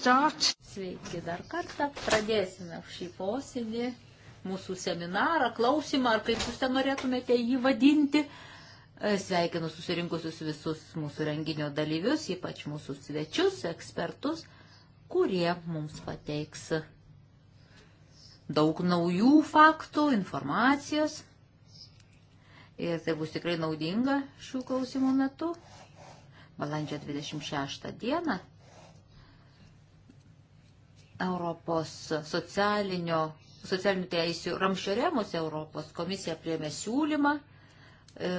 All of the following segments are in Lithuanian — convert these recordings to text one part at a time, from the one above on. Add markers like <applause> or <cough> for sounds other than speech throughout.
start. Sveiki dar kartą. Pradėsime šį posėdį, mūsų seminarą, klausimą, ar kaip jūs ten norėtumėte jį vadinti. E, Sveikinu susirinkusius visus mūsų renginio dalyvius, ypač mūsų svečius, ekspertus, kurie mums pateiks daug naujų faktų, informacijos. Ir tai bus tikrai naudinga šių klausimų metu. Balandžio 26 dieną Europos socialinio, socialinių teisių ramščio remus Europos komisija priemė siūlymą e,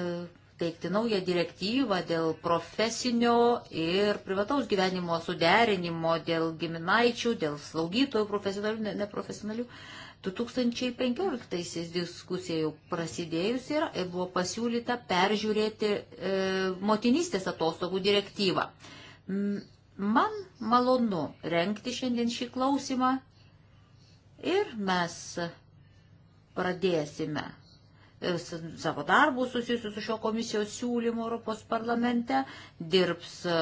teikti naują direktyvą dėl profesinio ir privataus gyvenimo suderinimo, dėl giminaičių, dėl slaugytojų profesionalių, ne, neprofesionalių. 2015 diskusija jau prasidėjus yra ir buvo pasiūlyta peržiūrėti e, motinystės atostogų direktyvą. M Man malonu renkti šiandien šį klausimą ir mes pradėsime e, savo darbų susijusių su šio komisijos siūlymu Europos parlamente, dirbs e,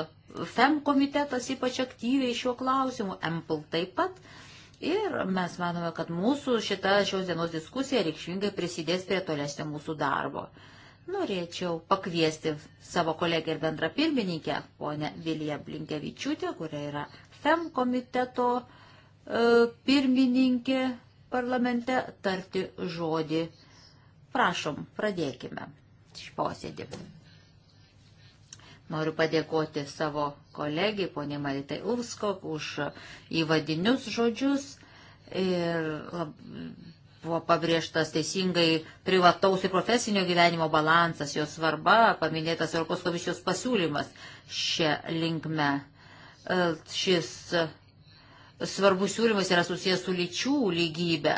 FEM komitetas ypač aktyviai šiuo klausimu, EMPL taip pat. Ir mes manome, kad mūsų šita šios dienos diskusija reikšmingai prisidės prie tolesnio mūsų darbo. Uh, norėčiau pakviesti savo kolegę ir bendrą pirmininkę, ponę Viliją Blinkevičiūtę, kuria yra FEM komiteto e, pirmininkė parlamente, tarti žodį. Prašom, pradėkime šį posėdį. Noriu padėkoti savo kolegijai, ponė Maritai Ulskok, už įvadinius žodžius ir lab, buvo pabrėžtas teisingai privataus ir profesinio gyvenimo balansas, jo svarba, paminėtas Europos komisijos pasiūlymas šią linkmę. E, šis svarbus siūlymas yra susijęs su lyčių lygybė.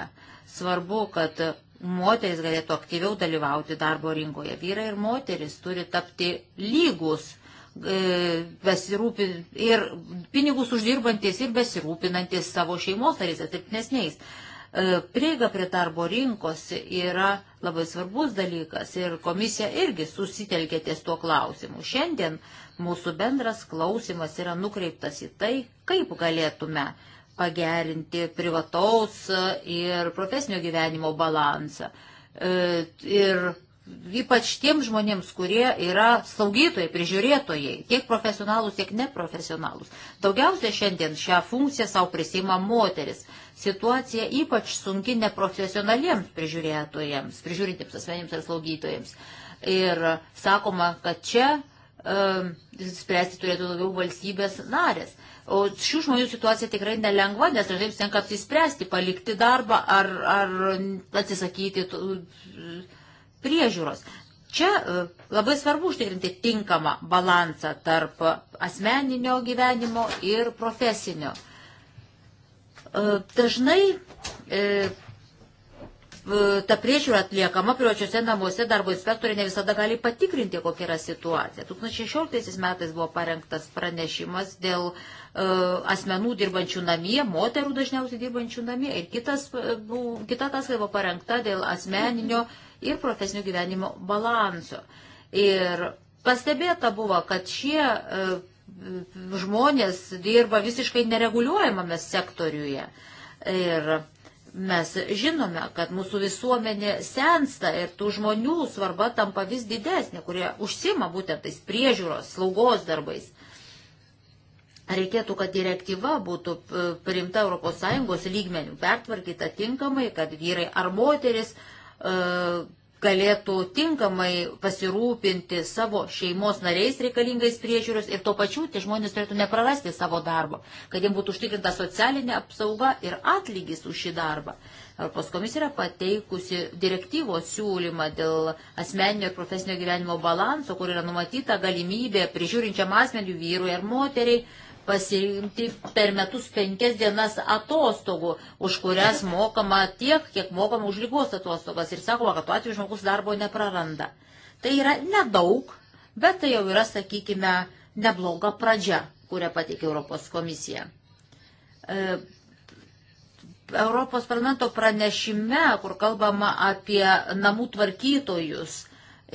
Svarbu, kad moteris galėtų aktyviau dalyvauti darbo rinkoje. Vyrai ir moteris turi tapti lygus e, besirūpin ir pinigus uždirbantis ir besirūpinantis savo šeimos nariais ir taip nesniais. E, prieiga prie darbo rinkos yra labai svarbus dalykas ir komisija irgi susitelkė ties tuo klausimu. Šiandien mūsų bendras klausimas yra nukreiptas į tai, kaip galėtume pagerinti privataus ir profesinio gyvenimo balansą. E, ir ypač tiems žmonėms, kurie yra slaugytojai, prižiūrėtojai, tiek profesionalus, tiek neprofesionalus. Daugiausia šiandien šią funkciją savo prisima moteris. Situacija ypač sunki neprofesionaliems prižiūrėtojams, prižiūrintiems asmenims ar slaugytojams. Ir sakoma, kad čia um, spręsti turėtų daugiau valstybės narės. O šių žmonių situacija tikrai nelengva, nes dažnai jiems tenka apsispręsti, palikti darbą ar, ar atsisakyti priežiūros. Čia e, labai svarbu užtikrinti tinkamą balansą tarp asmeninio gyvenimo ir profesinio gyvenimo E, dažnai e, e, ta priežiūra atliekama privačiuose namuose darbo inspektoriai ne visada gali patikrinti, kokia yra situacija. 2016 metais buvo parengtas pranešimas dėl e, asmenų dirbančių namie, moterų dažniausiai dirbančių namie ir kitas, bu, kita ataskaita buvo parengta dėl asmeninio ir profesinio gyvenimo balanso. Ir pastebėta buvo, kad šie e, žmonės dirba visiškai nereguliuojamame sektoriuje. Ir mes žinome, kad mūsų visuomenė sensta ir tų žmonių svarba tampa vis didesnė, kurie užsima būtent tais priežiūros, slaugos darbais. Reikėtų, kad direktyva būtų priimta ES lygmenių, pertvarkyta tinkamai, kad vyrai ar moteris e, galėtų tinkamai pasirūpinti savo šeimos nariais reikalingais priežiūros ir tuo pačiu tie žmonės turėtų neprarasti savo darbo, kad jiems būtų užtikrinta socialinė apsauga ir atlygis už šį darbą. Europos komisija yra pateikusi direktyvos siūlymą dėl asmeninio ir profesinio gyvenimo balanso, kur yra numatyta galimybė prižiūrinčiam asmeniu vyrui ar moteriai pasiimti per metus penkias dienas atostogų, už kurias mokama tiek, kiek mokama už lygos atostogas. Ir sakoma, kad tuo atveju žmogus darbo nepraranda. Tai yra nedaug, bet tai jau yra, sakykime, nebloga pradžia, kurią pateikė Europos komisija. E, Europos parlamento pranešime, kur kalbama apie namų tvarkytojus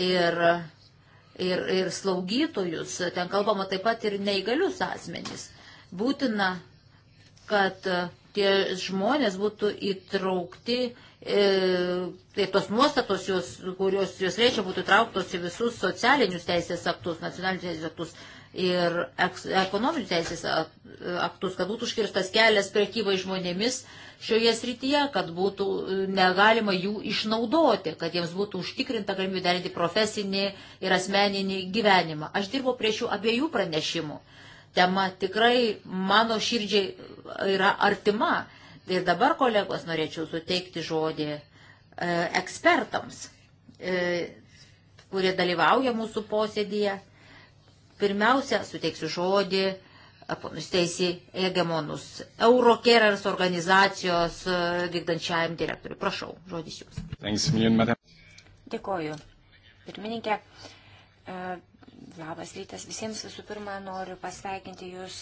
ir ir, ir slaugytojus, ten kalbama taip pat ir neįgalius asmenys. Būtina, kad e, tie žmonės būtų įtraukti, e, tai tos nuostatos, jos, kurios jos reiškia, būtų įtrauktos į visus socialinius teisės aktus, nacionalinius teisės aktus ir ekonominių teisės aktus, kad būtų užkirstas kelias prekybai žmonėmis šioje srityje, kad būtų negalima jų išnaudoti, kad jiems būtų užtikrinta galimybė derinti profesinį ir asmeninį gyvenimą. Aš dirbau prie šių abiejų pranešimų. Tema tikrai mano širdžiai yra artima. Ir dabar, kolegos, norėčiau suteikti žodį e, ekspertams, e, kurie dalyvauja mūsų posėdėje. Pirmiausia, suteiksiu žodį nusteisi hegemonus Eurokerers organizacijos vykdančiajam direktoriui. Prašau, žodis jums. Thanks, million, Dėkoju. Pirmininkė, labas rytas visiems. Visų pirma, noriu pasveikinti jūs,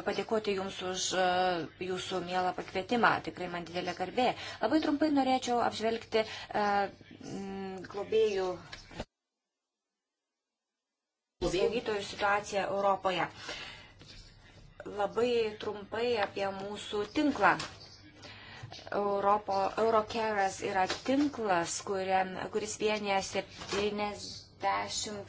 padėkoti jums už jūsų mielą pakvietimą. Tikrai man didelė garbė. Labai trumpai norėčiau apžvelgti globėjų slaugytojų situaciją Europoje. Labai trumpai apie mūsų tinklą. Europo, Eurocaras yra tinklas, kuriam, kuris vienyje 70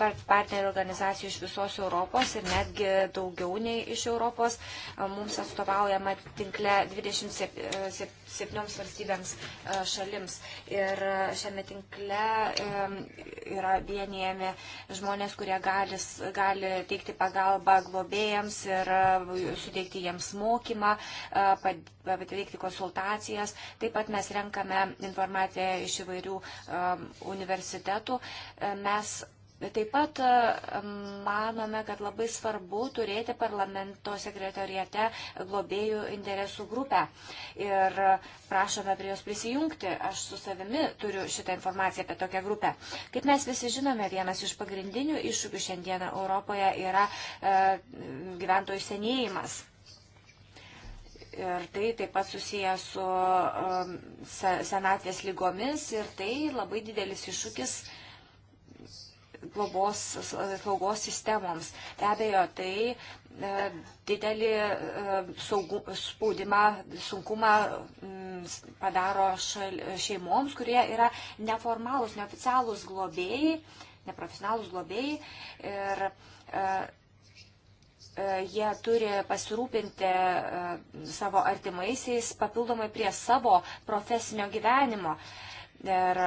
partnerių organizacijų iš visos Europos ir netgi daugiau nei iš Europos. Mums atstovaujama tinkle 27 septynioms valstybėms e, šalims. Ir e, šiame tinkle e, yra vienijami žmonės, kurie gali, gali teikti pagalbą globėjams ir suteikti jiems mokymą, pateikti konsultacijas. Taip pat mes renkame informaciją iš įvairių universitetų. Mes Taip pat e, manome, kad labai svarbu turėti parlamento sekretariate globėjų interesų grupę ir prašome prie jos prisijungti. Aš su savimi turiu šitą informaciją apie tokią grupę. Kaip mes visi žinome, vienas iš pagrindinių iššūkių šiandieną Europoje yra e, gyventojų senėjimas. Ir tai taip pat susiję su um, senatvės lygomis ir tai labai didelis iššūkis uh, globos slaugos sistemoms. Be abejo, tai e, didelį e, saugu, spaudimą, sunkumą mm, padaro šal, šeimoms, kurie yra neformalūs, neoficialūs globėjai, neprofesionalūs globėjai. Ir, e, jie turi pasirūpinti savo artimaisiais papildomai prie savo profesinio gyvenimo. Ir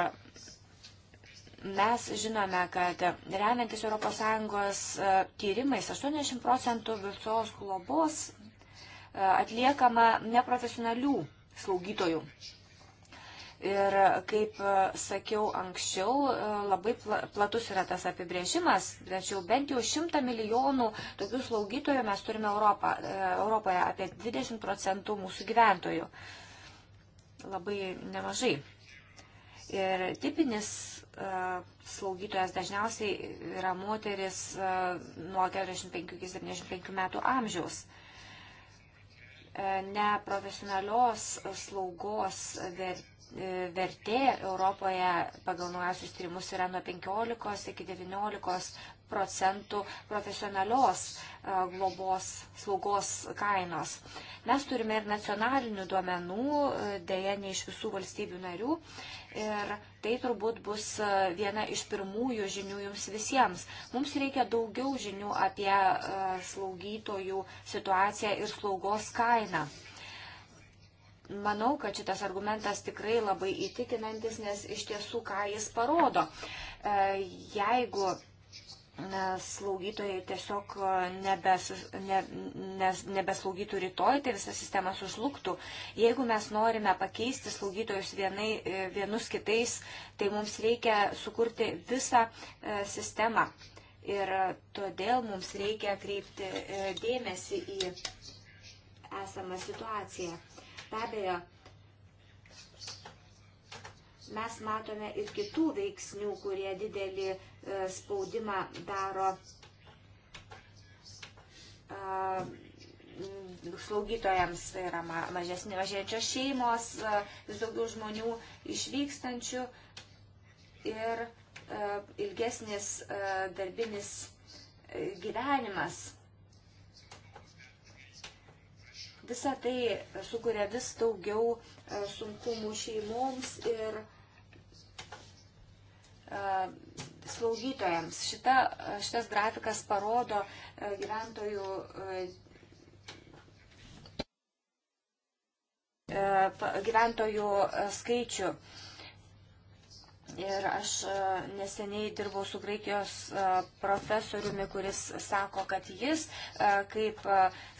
Mes žinome, kad remiantis ES e, tyrimais 80 procentų visos globos e, atliekama neprofesionalių slaugytojų. Ir kaip e, sakiau anksčiau, labai platus yra tas apibrėžimas, tačiau bent jau šimtą milijonų tokių slaugytojų mes turime Europą, Europoje, apie 20 procentų mūsų gyventojų. Labai nemažai. Ir tipinis E, slaugytojas dažniausiai yra moteris e, nuo 45 iki 75 metų amžiaus. E, neprofesionalios slaugos vertė Europoje pagal naujausius tyrimus yra nuo 15 iki 19 procentų profesionalios globos slaugos kainos. Mes turime ir nacionalinių duomenų, dėja ne iš visų valstybių narių, Ir tai turbūt bus e, viena iš pirmųjų žinių jums visiems. Mums reikia daugiau žinių apie e, slaugytojų situaciją ir slaugos kainą. Manau, kad šitas argumentas tikrai labai įtikinantis, nes iš tiesų ką jis parodo. E, jeigu slaugytojai tiesiog e, nebes, ne, nes, nebeslaugytų rytoj, tai visa sistema sužlugtų. Jeigu mes norime pakeisti slaugytojus vienai, e, vienus kitais, tai mums reikia sukurti visą e, sistemą. Ir e, todėl mums reikia kreipti e, dėmesį į esamą situaciją. Be abejo, mes matome ir kitų veiksnių, kurie didelį E, spaudimą daro e, slaugytojams, tai yra mažesnė, mažėjančios šeimos, e, vis daugiau žmonių išvykstančių ir ilgesnis darbinis gyvenimas. Visa tai sukuria vis daugiau sunkumų šeimoms ir slaugytojams. Šita, šitas grafikas parodo e, gyventojų e, gyventojų e, skaičių. Ir aš neseniai dirbau su Graikijos profesoriumi, kuris sako, kad jis kaip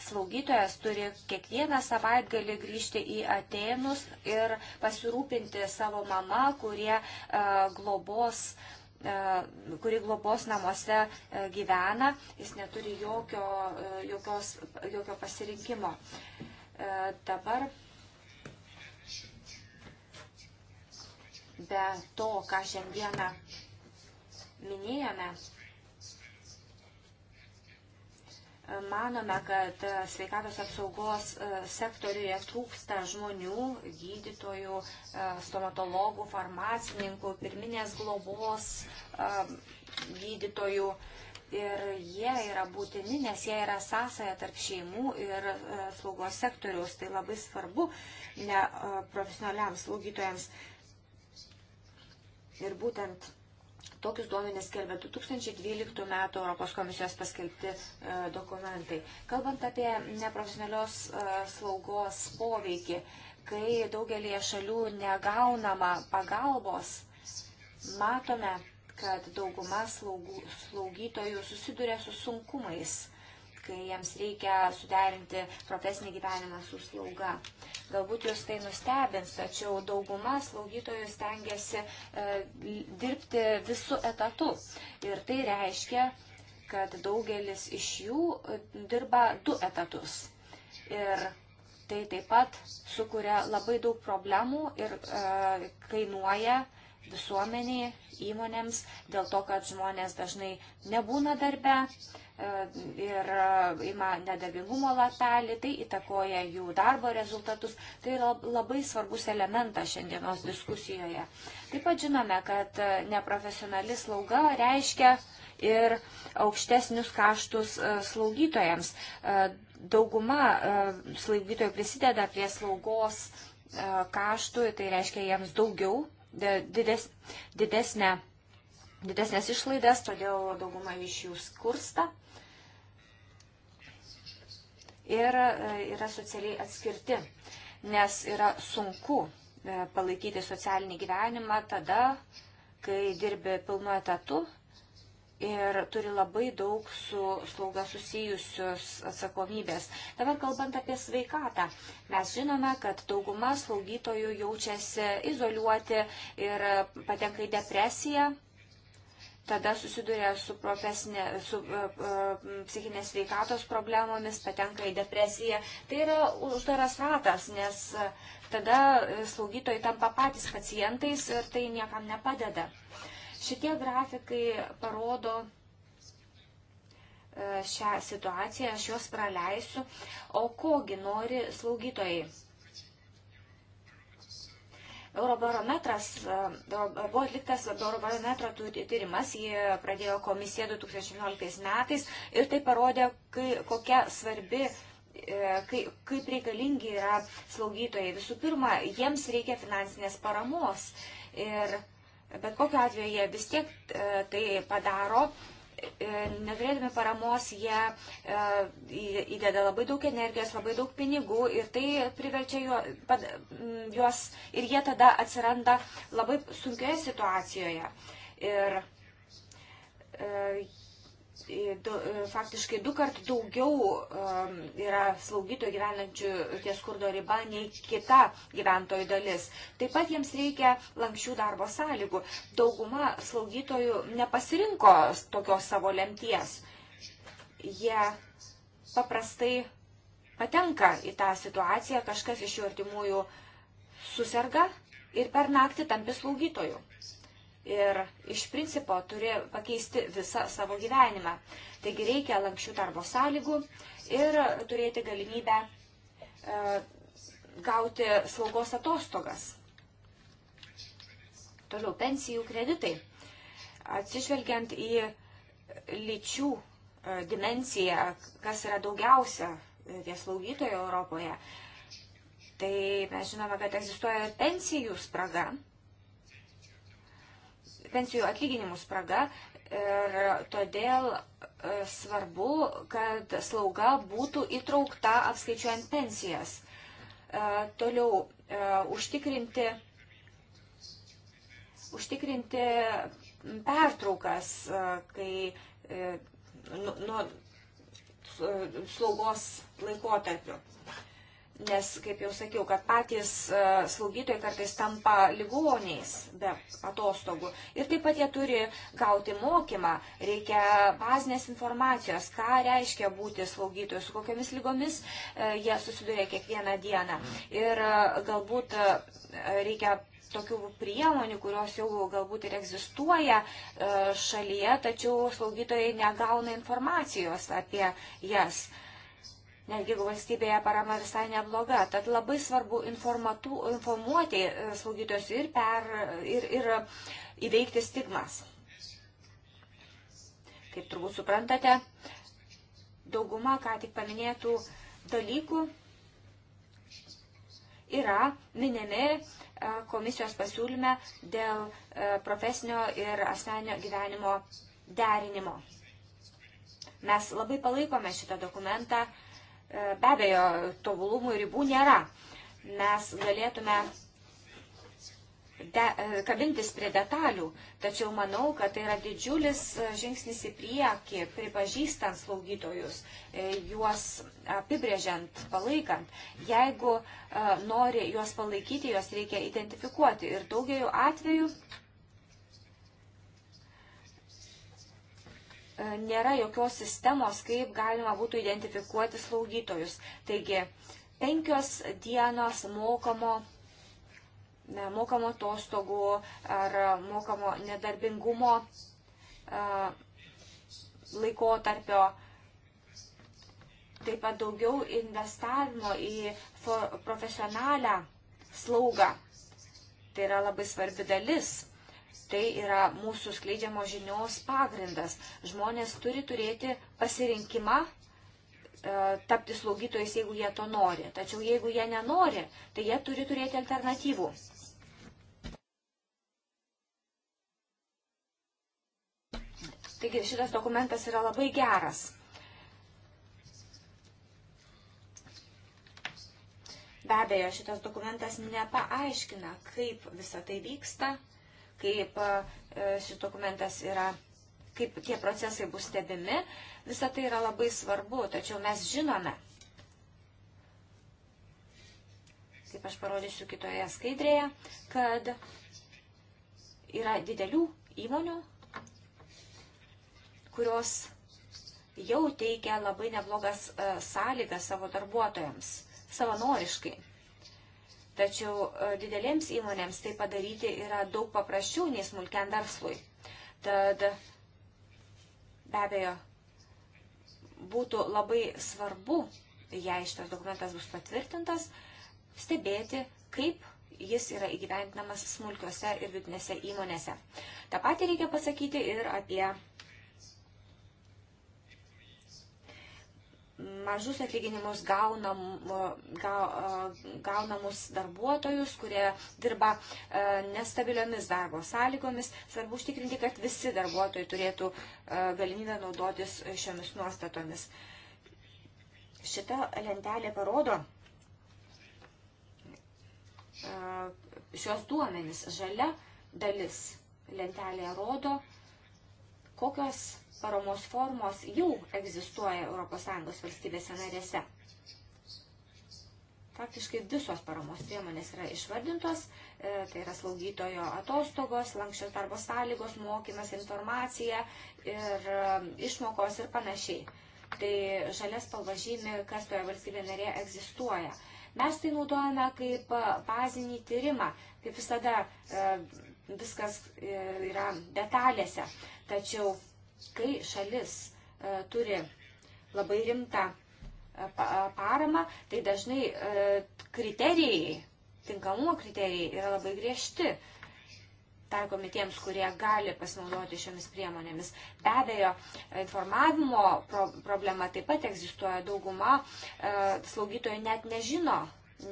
slaugytojas turi kiekvieną savaitgalį grįžti į Atenus ir pasirūpinti savo mamą, kurie globos E, kuri globos namuose e, gyvena, jis neturi jokio, e, jokios, jokio pasirinkimo. Dabar be to, ką šiandieną minėjome, Manome, kad e, sveikatos apsaugos e, sektoriuje trūksta žmonių, gydytojų, e, stomatologų, farmacininkų, pirminės globos gydytojų. Ir jie yra būtini, nes jie yra sąsaja tarp šeimų ir slaugos sektoriaus. Tai labai svarbu ne profesionaliams slaugytojams. Ir būtent Tokius duomenis skelbia 2012 m. Europos komisijos paskelbti e, dokumentai. Kalbant apie neprofesionalios e, slaugos poveikį, kai daugelie šalių negaunama pagalbos, matome, kad dauguma slaugų, slaugytojų susiduria su sunkumais kai jiems reikia suderinti profesinį gyvenimą su slauga. Galbūt jūs tai nustebins, tačiau dauguma slaugytojų stengiasi e, dirbti visų etatų. Ir tai reiškia, kad daugelis iš jų e, dirba du etatus. Ir tai taip pat sukuria labai daug problemų ir e, kainuoja visuomeniai, įmonėms, dėl to, kad žmonės dažnai nebūna darbe, ir e, ima nedarbingumo latelį, tai įtakoja jų darbo rezultatus. Tai yra labai svarbus elementas šiandienos diskusijoje. Taip pat žinome, kad e, neprofesionali slauga reiškia ir aukštesnius kaštus e, slaugytojams. Dauguma slaugytojų prisideda prie slaugos kaštų, tai reiškia jiems daugiau, dides, didesnė, didesnės išlaidas, todėl dauguma iš jų skursta ir e, yra socialiai atskirti, nes yra sunku e, palaikyti socialinį gyvenimą tada, kai dirbi pilnu etatu ir turi labai daug su slauga susijusius atsakomybės. Dabar kalbant apie sveikatą, mes žinome, kad dauguma slaugytojų jaučiasi izoliuoti ir patenka į depresiją tada susiduria su, profesinė, su uh, psichinės veikatos problemomis, patenka į depresiją. Tai yra uždaras ratas, nes e, tada slaugytojai tampa patys pacientais ir tai niekam nepadeda. Šitie grafikai parodo šią situaciją, aš juos praleisiu, o kogi nori slaugytojai Eurobarometras, e, buvo atliktas Eurobarometro tyrimas, jį pradėjo komisija 2011 metais ir tai parodė, kai, kokia svarbi e, kaip, kaip reikalingi yra slaugytojai. Visų pirma, jiems reikia finansinės paramos. Ir bet kokiu atveju jie vis tiek e, tai padaro E, neturėdami paramos jie e, įdeda labai daug energijos, labai daug pinigų ir tai priverčia juos ir jie tada atsiranda labai sunkioje situacijoje. Ir e, E, faktiškai du kart daugiau e, yra slaugytojų gyvenančių ties skurdo riba nei kita gyventojų dalis. Taip pat jiems reikia lankščių darbo sąlygų. Dauguma slaugytojų nepasirinko tokios savo lemties. Jie paprastai patenka į tą situaciją, kažkas iš jų artimųjų susirga ir per naktį tampi slaugytojų ir iš principo turi pakeisti visą savo gyvenimą. Taigi reikia lankščių darbo sąlygų ir turėti galimybę e, gauti slaugos atostogas. Toliau pensijų kreditai. Atsižvelgiant į lyčių e, dimenciją, kas yra daugiausia vieslaugytojo e, Europoje, tai mes žinome, kad egzistuoja pensijų spraga pensijų atlyginimų spraga ir todėl e, svarbu, kad slauga būtų įtraukta apskaičiuojant pensijas. E, toliau e, užtikrinti, užtikrinti pertraukas, kai nuo nu, nu slaugos laikotarpiu. Nes, kaip jau sakiau, kad patys e, slaugytojai kartais tampa ligoniais be atostogų. Ir taip pat jie turi gauti mokymą, reikia bazinės informacijos, ką reiškia būti slaugytojų, su kokiamis lygomis e, jie susiduria kiekvieną dieną. Ir e, galbūt reikia tokių priemonių, kurios jau galbūt ir egzistuoja šalyje, tačiau slaugytojai negauna informacijos apie jas. Yes netgi jeigu valstybėje parama visai nebloga. Tad labai svarbu informuoti e, slaugytojus ir, per, ir, ir įveikti stigmas. Kaip turbūt suprantate, dauguma ką tik paminėtų dalykų yra minimi e, komisijos pasiūlyme dėl e, profesinio ir asmenio gyvenimo derinimo. Mes labai palaikome šitą dokumentą E, be abejo, tobulumų ribų nėra. Mes galėtume de, e, kabintis prie detalių, tačiau manau, kad tai yra didžiulis e, žingsnis į priekį, pripažįstant slaugytojus, juos apibrėžiant, palaikant. Jeigu nori juos palaikyti, juos reikia identifikuoti ir daugeliu atveju E, nėra jokios sistemos, kaip galima būtų identifikuoti slaugytojus. Taigi, penkios dienos mokamo mokamo atostogų ar mokamo nedarbingumo e, laikotarpio, taip pat daugiau investavimo į profesionalią slaugą. Tai yra labai svarbi dalis Tai yra mūsų skleidžiamo žinios pagrindas. Žmonės turi turėti pasirinkimą e, tapti slaugytojais, jeigu jie to nori. Tačiau jeigu jie nenori, tai jie turi turėti alternatyvų. Taigi šitas dokumentas yra labai geras. Be abejo, šitas dokumentas nepaaiškina, kaip visa tai vyksta, kaip e, šis dokumentas yra kaip tie procesai bus stebimi, visa tai yra labai svarbu, tačiau mes žinome, kaip aš parodysiu kitoje skaidrėje, kad yra didelių įmonių, kurios jau teikia labai neblogas sąlygas savo darbuotojams savanoriškai. Tačiau e, didelėms įmonėms tai padaryti yra daug paprasčiau nei smulkiam verslui. Tad be abejo, būtų labai svarbu, jei šitas dokumentas bus patvirtintas, stebėti, kaip jis yra įgyventinamas smulkiose ir vidinėse įmonėse. Ta pati reikia pasakyti ir apie mažus atlyginimus gaunam, ga, gaunamus darbuotojus, kurie dirba e, nestabiliomis darbo sąlygomis. Svarbu užtikrinti, kad visi darbuotojai turėtų e, galimybę naudotis šiomis nuostatomis. Šita lentelė parodo e, šios duomenys. Žalia dalis lentelė rodo kokios paramos formos jau egzistuoja ES valstybėse narėse. Faktiškai visos paramos priemonės yra išvardintos, e, tai yra slaugytojo atostogos, lankščios darbo sąlygos, mokymas, informacija ir e, išmokos ir panašiai. Tai žalias spalva žymi, kas toje valstybėje narėje egzistuoja. Mes tai naudojame kaip e, bazinį tyrimą, kaip visada viskas yra detalėse. Tačiau, kai šalis e, turi labai rimtą e, e, paramą, tai dažnai kriterijai, tinkamumo kriterijai yra labai griežti taikomi tiems, kurie gali pasinaudoti šiomis priemonėmis. Be abejo, informavimo pro problema taip pat egzistuoja. Dauguma e, slaugytojų net nežino,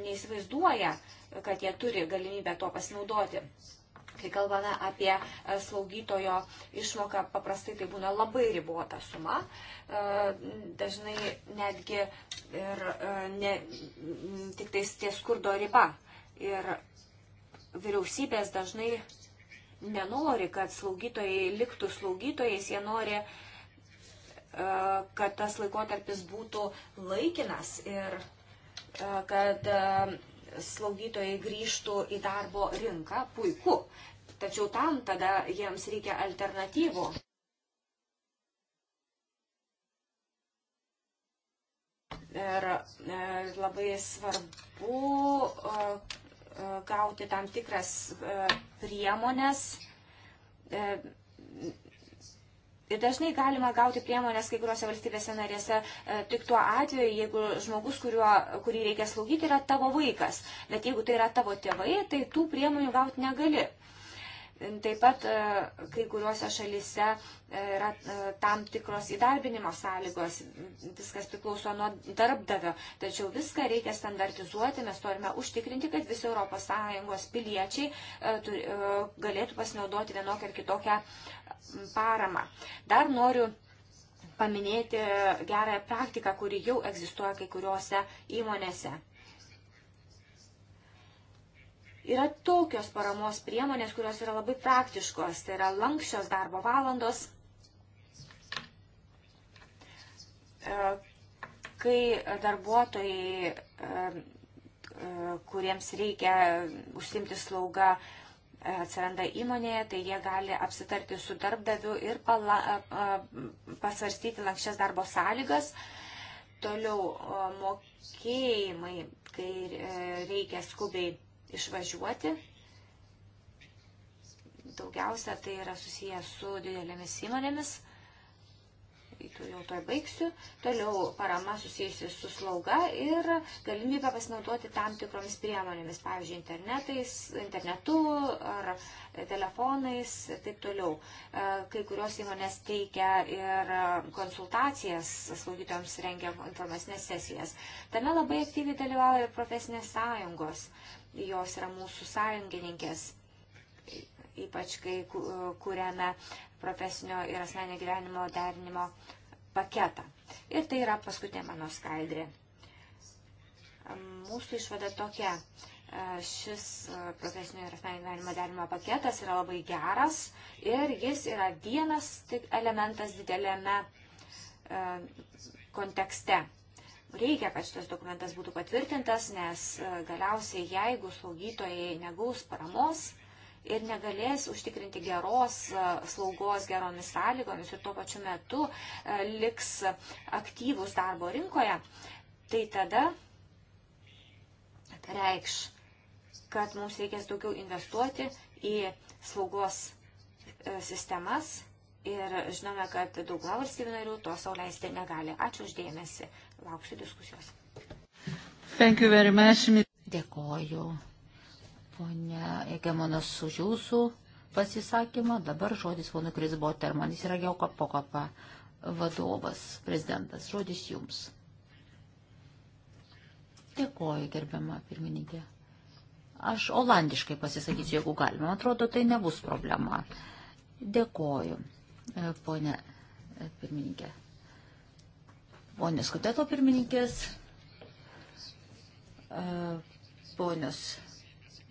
neįsivaizduoja, kad jie turi galimybę to pasinaudoti. Kai kalbame apie e, slaugytojo išmoką, paprastai tai būna labai ribota suma, e, dažnai netgi ir e, ne, tik tais ties skurdo riba. Ir vyriausybės dažnai nenori, kad slaugytojai liktų slaugytojais, jie nori, kad tas laikotarpis būtų laikinas ir kad slaugytojai grįžtų į darbo rinką, puiku. Tačiau tam tada jiems reikia alternatyvų. Ir e, labai svarbu e, e, gauti tam tikras priemonės Ir dažnai galima gauti priemonės kai kuriuose valstybėse narėse e, tik tuo atveju, jeigu žmogus, kuriuo, kurį reikia slaugyti, yra tavo vaikas. Bet jeigu tai yra tavo tėvai, tai tų priemonių gauti negali. Taip pat e, kai kuriuose šalyse e, yra e, tam tikros įdarbinimo sąlygos, viskas priklauso nuo darbdavio, tačiau viską reikia standartizuoti, mes turime užtikrinti, kad visi ES piliečiai galėtų pasinaudoti vienokią ar kitokią paramą. Dar noriu paminėti gerąją praktiką, kuri jau egzistuoja kai kuriuose įmonėse. Yra tokios paramos priemonės, kurios yra labai praktiškos. Tai yra lankščios darbo valandos, e, kai darbuotojai, e, e, kuriems reikia užsimti slaugą, atsiranda įmonėje, tai jie gali apsitarti su darbdaviu ir pala, pasvarstyti lankščias darbo sąlygas. Toliau mokėjimai, kai reikia skubiai išvažiuoti. Daugiausia tai yra susiję su didelėmis įmonėmis. Jau to baigsiu. Toliau parama susijusi su slauga ir galimybė pasinaudoti tam tikromis priemonėmis, pavyzdžiui, internetais, internetu ar telefonais ir taip toliau. E, kai kurios įmonės teikia ir konsultacijas, slaugytojams rengia informacinės sesijas. Tame labai aktyviai dalyvauja ir profesinės sąjungos jos yra mūsų sąjungininkės, ypač kai kuriame profesinio ir asmenio gyvenimo derinimo paketą. Ir tai yra paskutinė mano skaidrė. Mūsų išvada tokia. Šis profesinio ir asmeninio gyvenimo derinimo paketas yra labai geras ir jis yra vienas tik elementas didelėme e, kontekste reikia, kad šitas dokumentas būtų patvirtintas, nes e, galiausiai jeigu slaugytojai negaus paramos ir negalės užtikrinti geros e, slaugos geromis sąlygomis ir tuo pačiu metu e, liks aktyvus darbo rinkoje, tai tada reikš, kad mums reikės daugiau investuoti į slaugos sistemas ir žinome, kad dauguma valstybių narių to sauliaisti negali. Ačiū uždėmesi lauksiu diskusijos. Dėkoju, ponia Egemonas, už jūsų pasisakymą. Dabar žodis ponui Krisboter, man jis yra Geokapokapa vadovas, prezidentas. Žodis jums. Dėkoju, gerbiama pirmininkė. Aš olandiškai pasisakysiu, jeigu galima. Atrodo, tai nebus problema. Dėkoju, e, ponė e, pirmininkė ponės koteto pirmininkės, e, ponios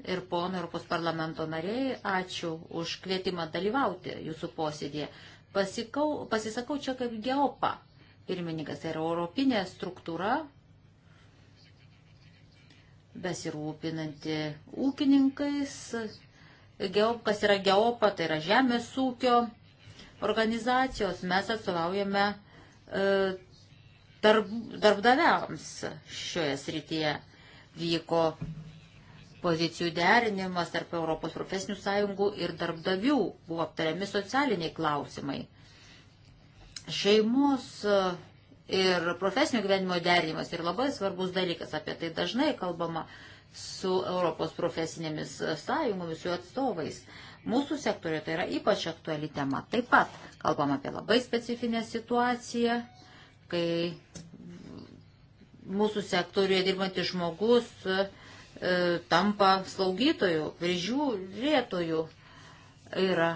ir pono Europos parlamento nariai, ačiū už kvietimą dalyvauti jūsų posėdėje. Pasikau, pasisakau čia kaip geopa pirmininkas, tai yra europinė struktūra, besirūpinanti ūkininkais. Geop, kas yra geopa, tai yra žemės ūkio organizacijos, mes atstovaujame e, darb, darbdaviams šioje srityje vyko pozicijų derinimas tarp Europos profesinių sąjungų ir darbdavių, buvo aptariami socialiniai klausimai. Šeimos e, ir profesinio gyvenimo derinimas yra labai svarbus dalykas, apie tai dažnai kalbama su Europos profesinėmis sąjungomis, jų atstovais. Mūsų sektoriuje tai yra ypač aktuali tema. Taip pat kalbam apie labai specifinę situaciją kai mūsų sektoriuje dirbantis žmogus e, tampa slaugytojų, prižiūrėtojų. Yra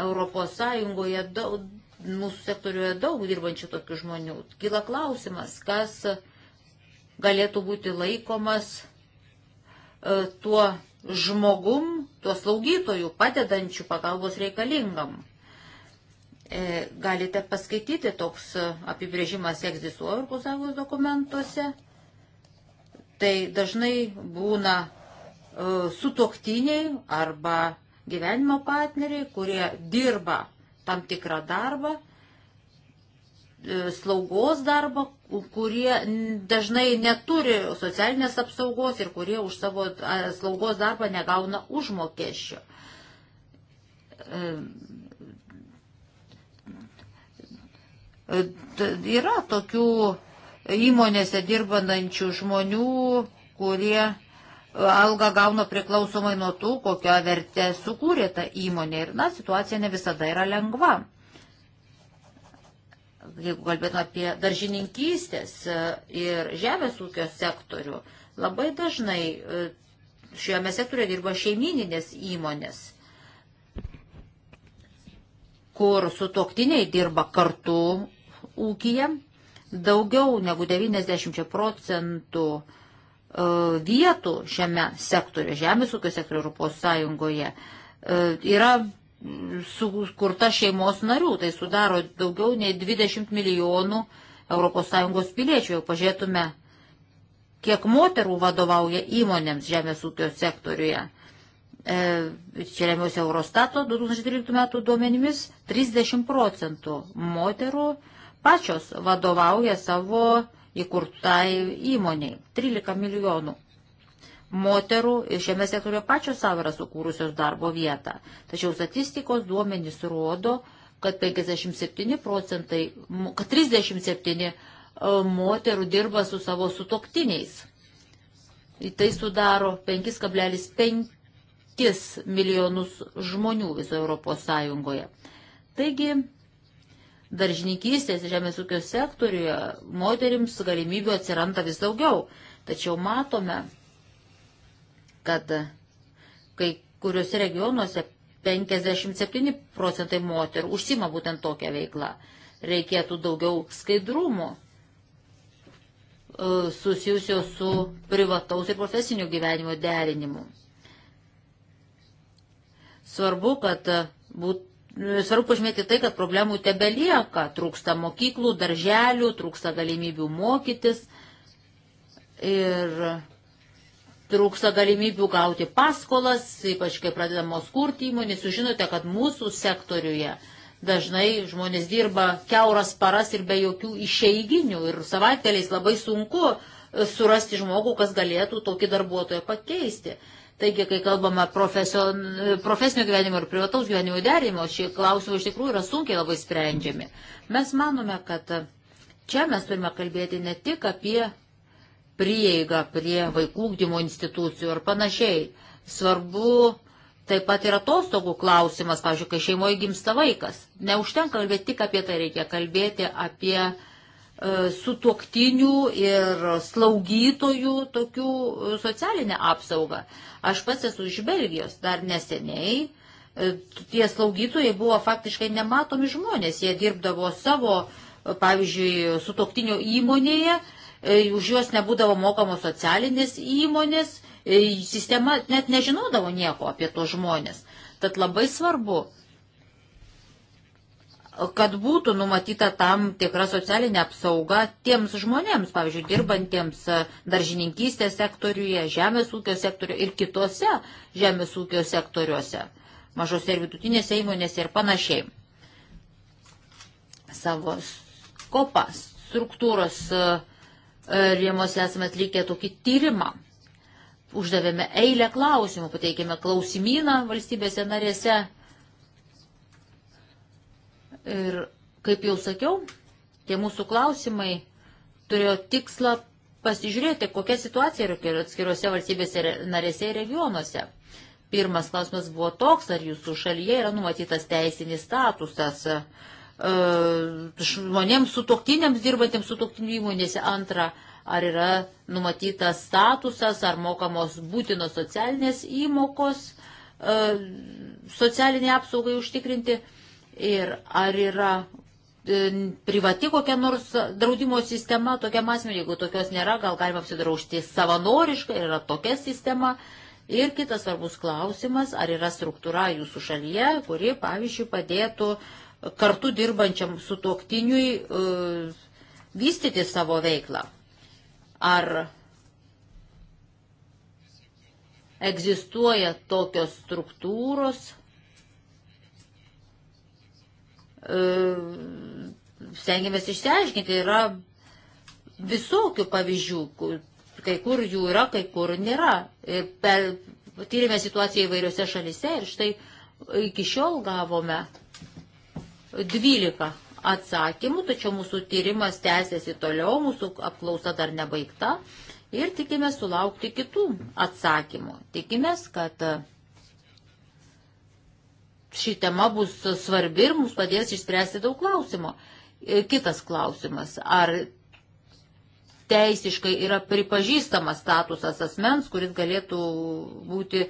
Europos Sąjungoje daug, mūsų sektoriuje daug dirbančių tokių žmonių. Kila klausimas, kas galėtų būti laikomas e, tuo žmogum, tuo slaugytoju, padedančiu pagalbos reikalingam. E, galite paskaityti, toks apibrėžimas egzistuoja Europos Sąjungos dokumentuose. Tai dažnai būna e, sutoktiniai arba gyvenimo partneriai, kurie dirba tam tikrą darbą, e, slaugos darbą, kurie dažnai neturi socialinės apsaugos ir kurie už savo slaugos darbą negauna užmokesčio. E, yra tokių įmonėse dirbančių žmonių, kurie algą gauna priklausomai nuo tų, kokią vertę sukūrė ta įmonė. Ir, na, situacija ne visada yra lengva. Jeigu kalbėtume apie daržininkystės e, ir žemės ūkio sektorių, labai dažnai e, šiame sektoriuje dirba šeimininės įmonės, kur sutoktiniai dirba kartu ūkija daugiau negu 90 procentų e, vietų šiame sektoriu, žemės ūkio sektoriu Europos Sąjungoje, e, yra sukurta šeimos narių. Tai sudaro daugiau nei 20 milijonų Europos Sąjungos piliečių. Jau pažiūrėtume, kiek moterų vadovauja įmonėms žemės ūkio sektoriuje. E, čia remiuosi Eurostato 2013 metų duomenimis 30 procentų moterų pačios vadovauja savo įkurtai įmoniai. 13 milijonų moterų šiame sektoriuje pačios savo yra sukūrusios darbo vietą. Tačiau statistikos duomenys rodo, kad 57 procentai, kad 37 e, moterų dirba su savo sutoktiniais. Tai sudaro 5,5 milijonus žmonių viso Europos Sąjungoje. Taigi, daržininkystės žemės ūkio sektoriuje moterims galimybių atsiranda vis daugiau. Tačiau matome, kad kai kuriuose regionuose 57 procentai moterų užsima būtent tokią veiklą. Reikėtų daugiau skaidrumo e, susijusio su privataus ir profesinio gyvenimo derinimu. Svarbu, kad būtų Svarbu pažymėti tai, kad problemų tebe lieka, trūksta mokyklų, darželių, trūksta galimybių mokytis ir trūksta galimybių gauti paskolas, ypač kai pradedamos kurti įmonės. Jūs žinote, kad mūsų sektoriuje dažnai žmonės dirba keuras paras ir be jokių išeiginių ir savaitgaliais labai sunku surasti žmogų, kas galėtų tokį darbuotoją pakeisti. Taigi, kai kalbame profesinio gyvenimo ir privataus gyvenimo derimo, šie klausimai iš tikrųjų yra sunkiai labai sprendžiami. Mes manome, kad čia mes turime kalbėti ne tik apie prieigą prie vaikų ūkdymo institucijų ar panašiai. Svarbu taip pat ir atostogų klausimas, pavyzdžiui, kai šeimoje gimsta vaikas. Neužtenka kalbėti tik apie tai, reikia kalbėti apie uh, E, sutuoktinių ir slaugytojų tokių e, socialinę apsaugą. Aš pats esu iš Belgijos dar neseniai. E, tie slaugytojai buvo faktiškai nematomi žmonės. Jie dirbdavo savo, pavyzdžiui, sutuoktinio įmonėje, už juos nebūdavo mokamos socialinės įmonės, sistema net nežinodavo nieko apie tos žmonės. Tad labai svarbu kad būtų numatyta tam tikra socialinė apsauga tiems žmonėms, pavyzdžiui, dirbantiems e, daržininkystės sektoriuje, žemės ūkio sektoriuje ir kitose žemės ūkio sektoriuose, mažose ir vidutinėse įmonėse ir panašiai. Savo kopas struktūros e, e, rėmose esame atlikę tokį tyrimą. Uždavėme eilę klausimų, pateikėme klausimyną valstybėse narėse Ir kaip jau sakiau, tie mūsų klausimai turėjo tikslą pasižiūrėti, kokia situacija yra atskiruose valstybėse narėse ir regionuose. Pirmas klausimas buvo toks, ar jūsų šalyje yra numatytas teisinis statusas e, žmonėms su toktiniams dirbantiems su toktinių įmonėse. Antra, ar yra numatytas statusas, ar mokamos būtinos socialinės įmokos e, socialiniai apsaugai užtikrinti. E, Ir ar yra e, privati kokia nors draudimo sistema tokiam asmeniu, jeigu tokios nėra, gal galima apsidrausti savanoriškai, yra tokia sistema. Ir kitas svarbus klausimas, ar yra struktūra jūsų šalyje, kuri, pavyzdžiui, padėtų kartu dirbančiam su tuoktiniui e, vystyti savo veiklą. Ar egzistuoja tokios struktūros, E, stengiamės išsiaiškinti, yra visokių pavyzdžių, kai kur jų yra, kai kur nėra. Ir per, tyrėme situaciją įvairiose šalise ir štai iki šiol gavome 12 atsakymų, tačiau mūsų tyrimas tęsiasi toliau, mūsų apklausa dar nebaigta ir tikime sulaukti kitų atsakymų. Tikimės, kad ši tema bus svarbi ir mums padės išspręsti daug klausimų. E, kitas klausimas, ar teisiškai yra pripažįstamas statusas asmens, kuris galėtų būti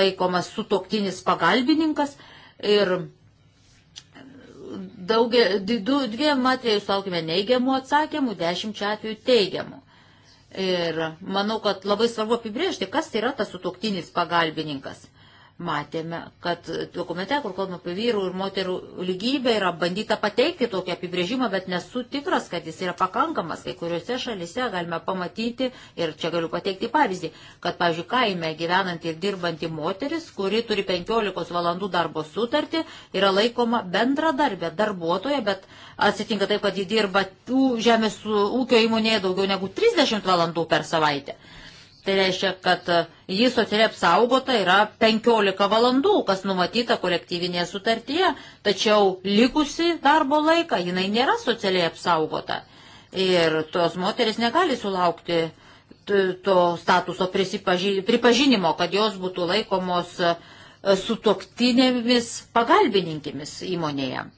laikomas sutoktinis pagalbininkas. Ir daugia, didu, dviem atveju sulaukime neigiamų atsakymų, dešimčia atveju teigiamų. Ir manau, kad labai svarbu apibrėžti, kas tai yra tas sutoktinis pagalbininkas matėme, kad dokumente, kur kalbame apie vyrų ir moterų lygybę, yra bandyta pateikti tokį apibrėžimą, bet nesu tikras, kad jis yra pakankamas. Kai kuriuose šalise galime pamatyti, ir čia galiu pateikti pavyzdį, kad, pavyzdžiui, kaime gyvenanti ir dirbanti moteris, kuri turi 15 valandų darbo sutartį, yra laikoma bendradarbė, darbuotoja, bet atsitinka taip, kad ji dirba žemės ūkio įmonėje daugiau negu 30 valandų per savaitę. Tai reiškia, kad e, ji socialiai apsaugota yra 15 valandų, kas numatyta kolektyvinėje sutartyje, tačiau likusi darbo laiką jinai nėra socialiai apsaugota. Ir tos moteris negali sulaukti to statuso pripažinimo, kad jos būtų laikomos e, sutuoktinėmis pagalbininkėmis įmonėje.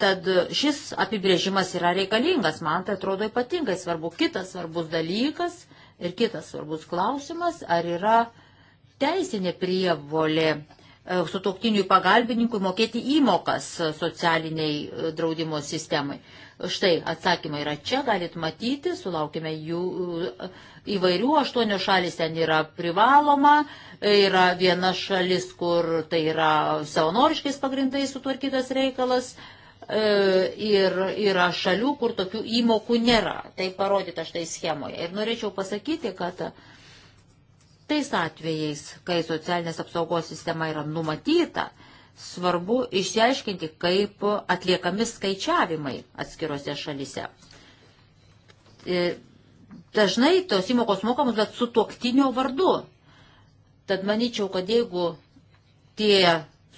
Tad šis apibrėžimas yra reikalingas, man tai atrodo ypatingai svarbu. Kitas svarbus dalykas ir kitas svarbus klausimas, ar yra teisinė prievolė e, sutoktiniui pagalbininkui mokėti įmokas socialiniai e, draudimo sistemai. Štai atsakymai yra čia, galit matyti, sulaukime jų e, įvairių, aštuonios šalis ten yra privaloma, yra viena šalis, kur tai yra savanoriškais pagrindais sutvarkytas reikalas, E, ir yra šalių, kur tokių įmokų nėra. Tai parodyta štai schemoje. Ir norėčiau pasakyti, kad tais atvejais, kai socialinės apsaugos sistema yra numatyta, svarbu išsiaiškinti, kaip atliekami skaičiavimai atskirose šalise. E, dažnai tos įmokos mokamos, bet su tuoktinio vardu. Tad manyčiau, kad jeigu tie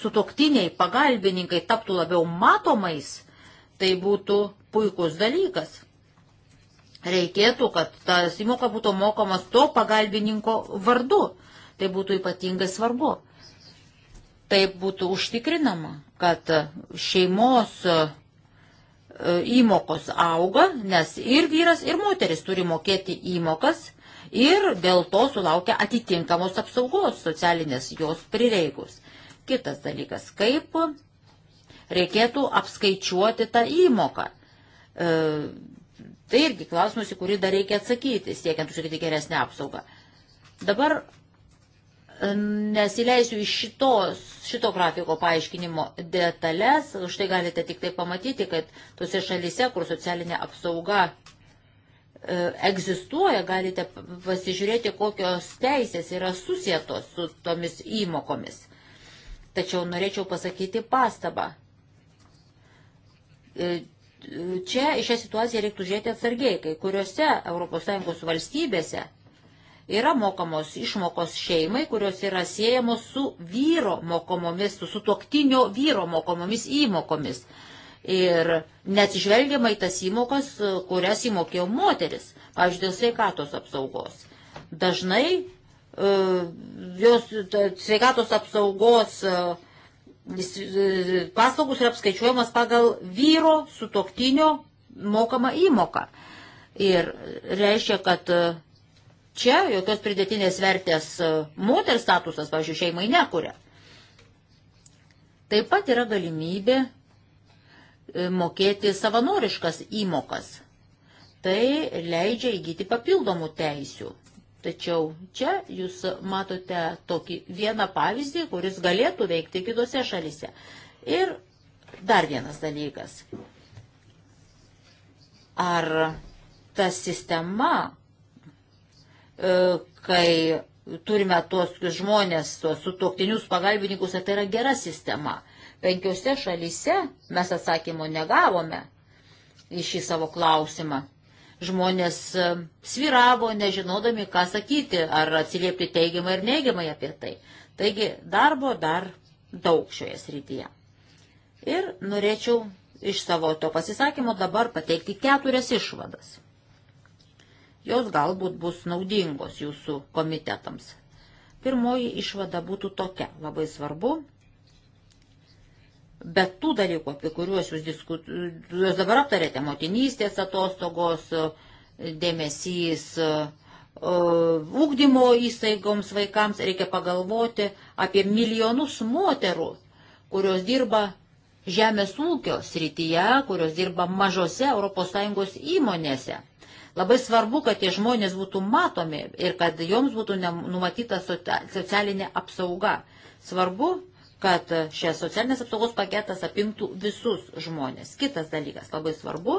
sutoktiniai, pagalbininkai taptų labiau matomais, tai būtų puikus dalykas. Reikėtų, kad tas įmoka būtų mokamas to pagalbininko vardu. Tai būtų ypatingai svarbu. Taip būtų užtikrinama, kad šeimos e, įmokos auga, nes ir vyras, ir moteris turi mokėti įmokas ir dėl to sulaukia atitinkamos apsaugos socialinės jos prireikus. Kitas dalykas, kaip reikėtų apskaičiuoti tą įmoką. E, tai irgi klausimus, į kurį dar reikia atsakyti, siekiant užtikrinti geresnę apsaugą. Dabar e, nesileisiu iš šitos, šito grafiko paaiškinimo detalės, už tai galite tik tai pamatyti, kad tose šalise, kur socialinė apsauga e, egzistuoja, galite pasižiūrėti, kokios teisės yra susietos su tomis įmokomis. Tačiau norėčiau pasakyti pastabą. E, čia į šią situaciją reiktų žiūrėti atsargiai, kai kuriuose ES valstybėse yra mokamos išmokos šeimai, kurios yra siejamos su vyro mokomomis, su sutuoktinio vyro mokomomis įmokomis. Ir neatsižvelgiama į tas įmokas, kurias įmokėjo moteris, pavyzdžiui, dėl sveikatos apsaugos. Dažnai E, jos sveikatos apsaugos e, e, paslaugus yra apskaičiuojamas pagal vyro sutoktinio mokamą įmoką. Ir reiškia, kad čia jokios pridėtinės vertės moters statusas, pavyzdžiui, šeimai nekuria. Taip pat yra galimybė mokėti savanoriškas įmokas. Tai leidžia įgyti papildomų teisių. Tačiau čia jūs matote tokį vieną pavyzdį, kuris galėtų veikti kitose šalise. Ir dar vienas dalykas. Ar ta sistema, e, kai turime tuos žmonės, tuos sutoktinius pagalbininkus, ar tai yra gera sistema? Penkiose šalyse mes atsakymo negavome į šį savo klausimą. Žmonės e, sviravo, nežinodami, ką sakyti, ar atsiliepti teigiamai ir neigiamai apie tai. Taigi darbo dar daug šioje srityje. Ir norėčiau iš savo to pasisakymo dabar pateikti keturias išvadas. Jos galbūt bus naudingos jūsų komitetams. Pirmoji išvada būtų tokia. Labai svarbu Bet tų dalykų, apie kuriuos jūs diskutuojate, dabar aptarėte, motinystės atostogos, dėmesys ūkdymo įstaigoms vaikams, reikia pagalvoti apie milijonus moterų, kurios dirba žemės ūkio srityje, kurios dirba mažose ES įmonėse. Labai svarbu, kad tie žmonės būtų matomi ir kad joms būtų numatyta socialinė apsauga. Svarbu kad šias socialinės apsaugos paketas apimtų visus žmonės. Kitas dalykas labai svarbu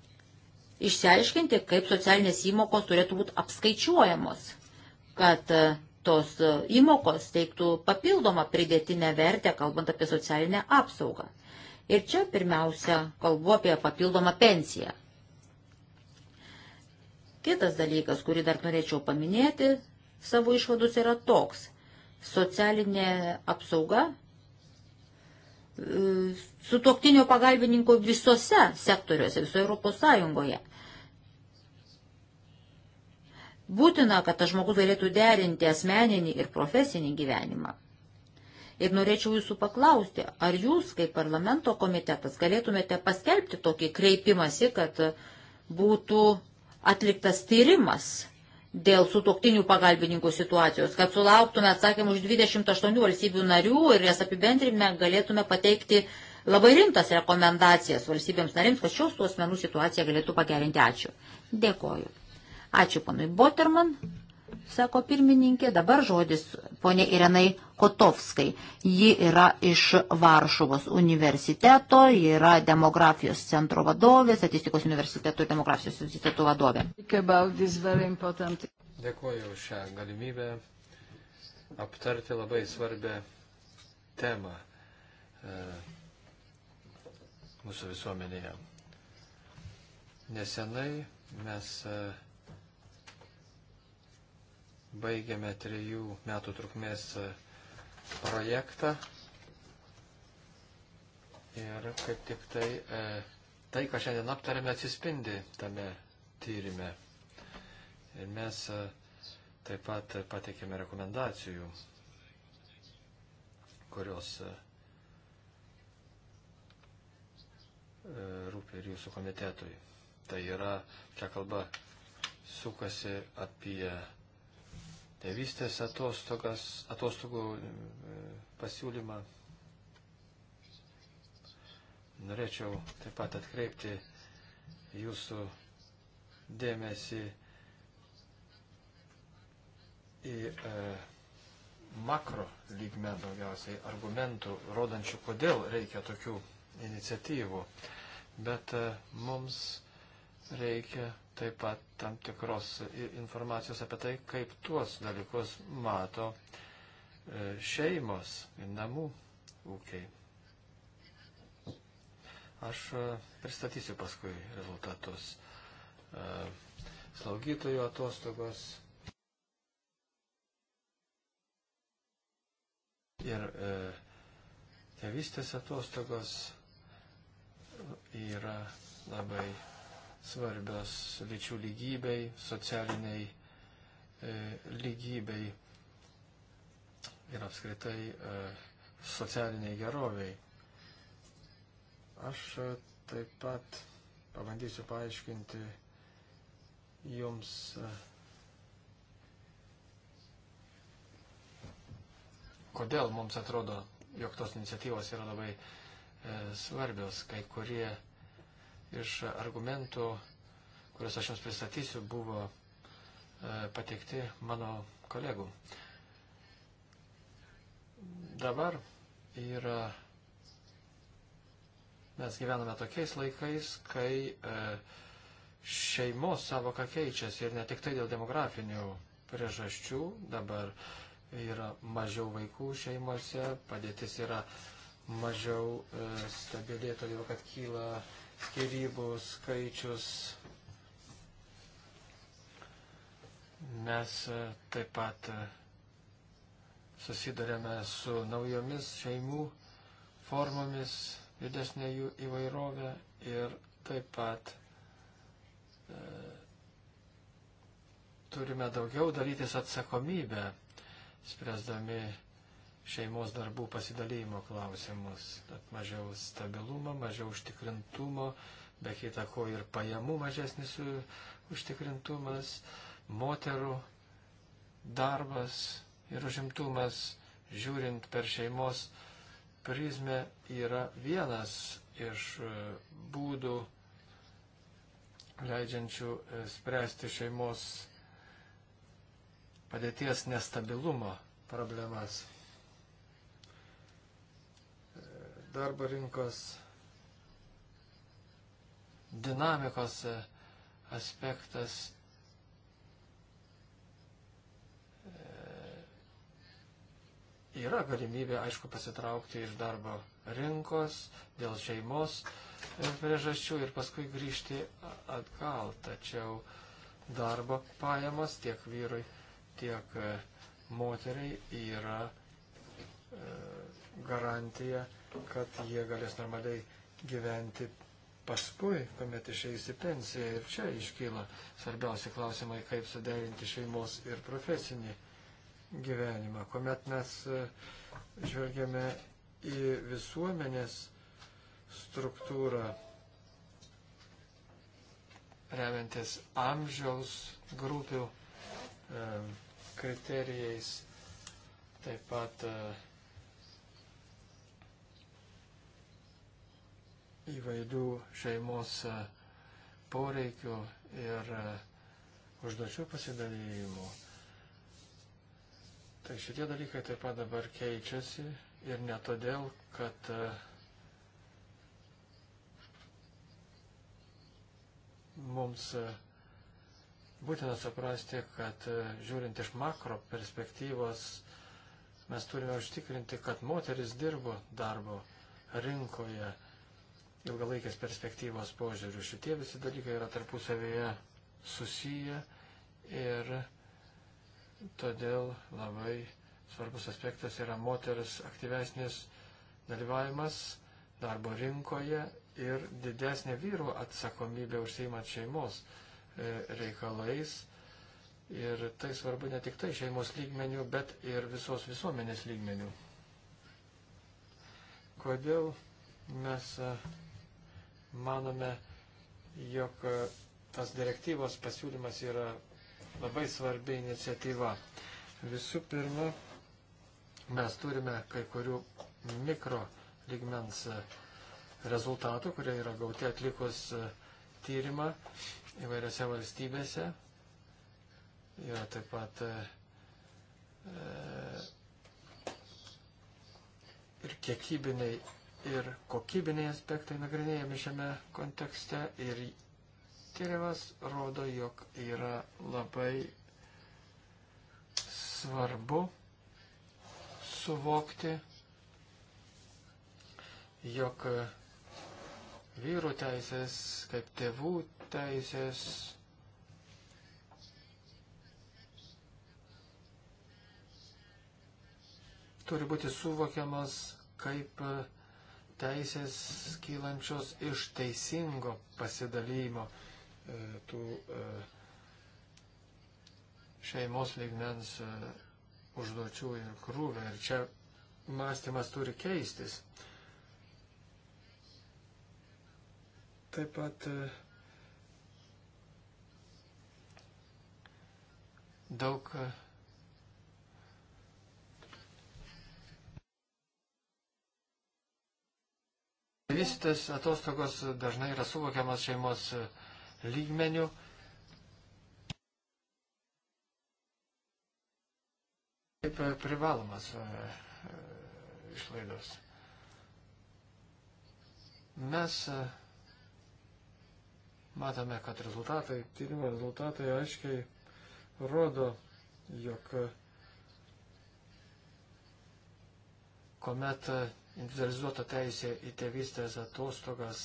- išsiaiškinti, kaip socialinės įmokos turėtų būti apskaičiuojamos, kad tos įmokos teiktų papildomą pridėtinę vertę, kalbant apie socialinę apsaugą. Ir čia pirmiausia kalbu apie papildomą pensiją. Kitas dalykas, kurį dar norėčiau paminėti savo išvadus, yra toks socialinė apsauga e, su tuoktinio pagalbininko visose sektoriuose, visoje Europos Sąjungoje. Būtina, kad tas žmogus galėtų derinti asmeninį ir profesinį gyvenimą. Ir norėčiau jūsų paklausti, ar jūs, kaip parlamento komitetas, galėtumėte paskelbti tokį kreipimąsi, kad būtų atliktas tyrimas dėl sutoktinių pagalbininkų situacijos, kad sulauktume atsakymų iš 28 valstybių narių ir jas apibendrime galėtume pateikti labai rimtas rekomendacijas valstybėms narims, kad šios tuos menų situaciją galėtų pagerinti. Ačiū. Dėkoju. Ačiū panui Boterman sako pirmininkė, dabar žodis ponė Irenai Kotovskai. Ji yra iš Varšuvos universiteto, ji yra demografijos centro vadovė, statistikos universiteto ir demografijos instituto vadovė. Dėkuoju už šią galimybę aptarti labai svarbę temą e, mūsų visuomenėje. Nesenai mes uh, baigiame trejų metų trukmės e, projektą. Ir kaip tik tai, e, tai, ką šiandien aptarėme, atsispindi tame tyrimė. Ir mes e, taip pat pateikėme rekomendacijų, kurios e, rūpi ir jūsų komitetui. Tai yra, čia kalba sukasi apie tėvystės atostogas, atostogų e, pasiūlymą. Norėčiau taip pat atkreipti jūsų dėmesį į e, makro lygmę daugiausiai argumentų, rodančių, kodėl reikia tokių iniciatyvų. Bet e, mums reikia taip pat tam tikros informacijos apie tai, kaip tuos dalykus mato e, šeimos ir namų ūkiai. Aš e, pristatysiu paskui rezultatus. E, slaugytojų atostogos ir tėvystės atostogos yra labai svarbios lyčių lygybei, socialiniai e, lygybei ir apskritai e, socialiniai geroviai. Aš e, taip pat pabandysiu paaiškinti jums kodėl mums atrodo, jog tos iniciatyvos yra labai svarbios, kai kurie iš argumentų, kuriuos aš jums pristatysiu, buvo e, pateikti mano kolegų. Dabar yra. Mes gyvename tokiais laikais, kai e, šeimos savoka keičiasi ir ne tik tai dėl demografinių priežasčių. Dabar yra mažiau vaikų šeimose, padėtis yra mažiau e, stabili, todėl kad kyla skirybų skaičius. Mes e, taip pat e, susidurėme su naujomis šeimų formomis, didesnė jų įvairovė ir taip pat e, turime daugiau dalytis atsakomybę, spręsdami šeimos darbų pasidalymo klausimus. Tad mažiau stabilumo, mažiau užtikrintumo, be kita ko ir pajamų mažesnis užtikrintumas, moterų darbas ir užimtumas, žiūrint per šeimos prizmę, yra vienas iš e, būdų leidžiančių e, spręsti šeimos padėties nestabilumo problemas. darbo rinkos dinamikos aspektas e, yra galimybė, aišku, pasitraukti iš darbo rinkos dėl šeimos priežasčių ir paskui grįžti atgal. Tačiau darbo pajamos tiek vyrui, tiek e, moteriai yra e, garantija kad jie galės normaliai gyventi paskui, kuomet išeis į pensiją. Ir čia iškyla svarbiausi klausimai, kaip suderinti šeimos ir profesinį gyvenimą. Kuomet mes e, žvelgiame į visuomenės struktūrą, remiantis amžiaus grupių e, kriterijais, taip pat uh, įvairių šeimos e, poreikių ir e, užduočių pasidalėjimų. Tai šitie dalykai taip pat dabar keičiasi ir ne todėl, kad e, mums būtina suprasti, kad žiūrint iš makro perspektyvos, mes turime užtikrinti, kad moteris dirbo darbo rinkoje ilgalaikės perspektyvos požiūrių. Šitie visi dalykai yra tarpusavėje susiję ir todėl labai svarbus aspektas yra moteris aktyvesnis dalyvavimas darbo rinkoje ir didesnė vyrų atsakomybė užsiimant šeimos e, reikalais. Ir tai svarbu ne tik tai šeimos lygmenių, bet ir visos visuomenės lygmenių. Kodėl mes e, Manome, jog e, tas direktyvos pasiūlymas yra labai svarbi iniciatyva. Visų pirma, mes turime kai kurių mikro ligmens e, rezultatų, kurie yra gauti atlikus e, tyrimą įvairiose valstybėse. Yra taip pat e, ir kiekybiniai ir kokybiniai aspektai nagrinėjami šiame kontekste ir tyrimas rodo, jog yra labai svarbu suvokti, jog vyrų teisės, kaip tėvų teisės, turi būti suvokiamas kaip uh, teisės kylančios iš teisingo pasidalymo e, tų e, šeimos lygmens e, užduočių ir krūvio. Ir čia mąstymas turi keistis. Taip pat daug Tėvystės atostogos dažnai yra suvokiamas šeimos lygmenių. Kaip privalomas e, e, išlaidos. Mes e, matome, kad rezultatai, tyrimo rezultatai aiškiai rodo, jog kuomet individualizuota teisė į tėvystės atostogas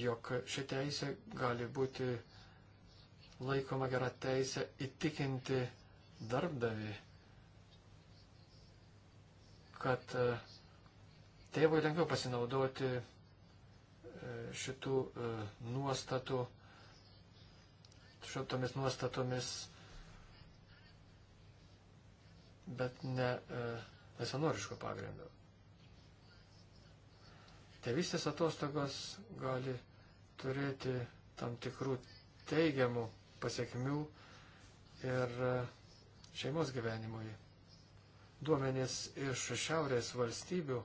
jog ši teisė gali būti laikoma gera teisė įtikinti darbdavi, kad e, tėvui lengviau pasinaudoti e, šitų e, nuostatų, šitomis nuostatomis bet ne e, laisvanoriško pagrindo. Tėvystės atostogos gali turėti tam tikrų teigiamų pasiekmių ir e, šeimos gyvenimui. Duomenys iš šiaurės valstybių,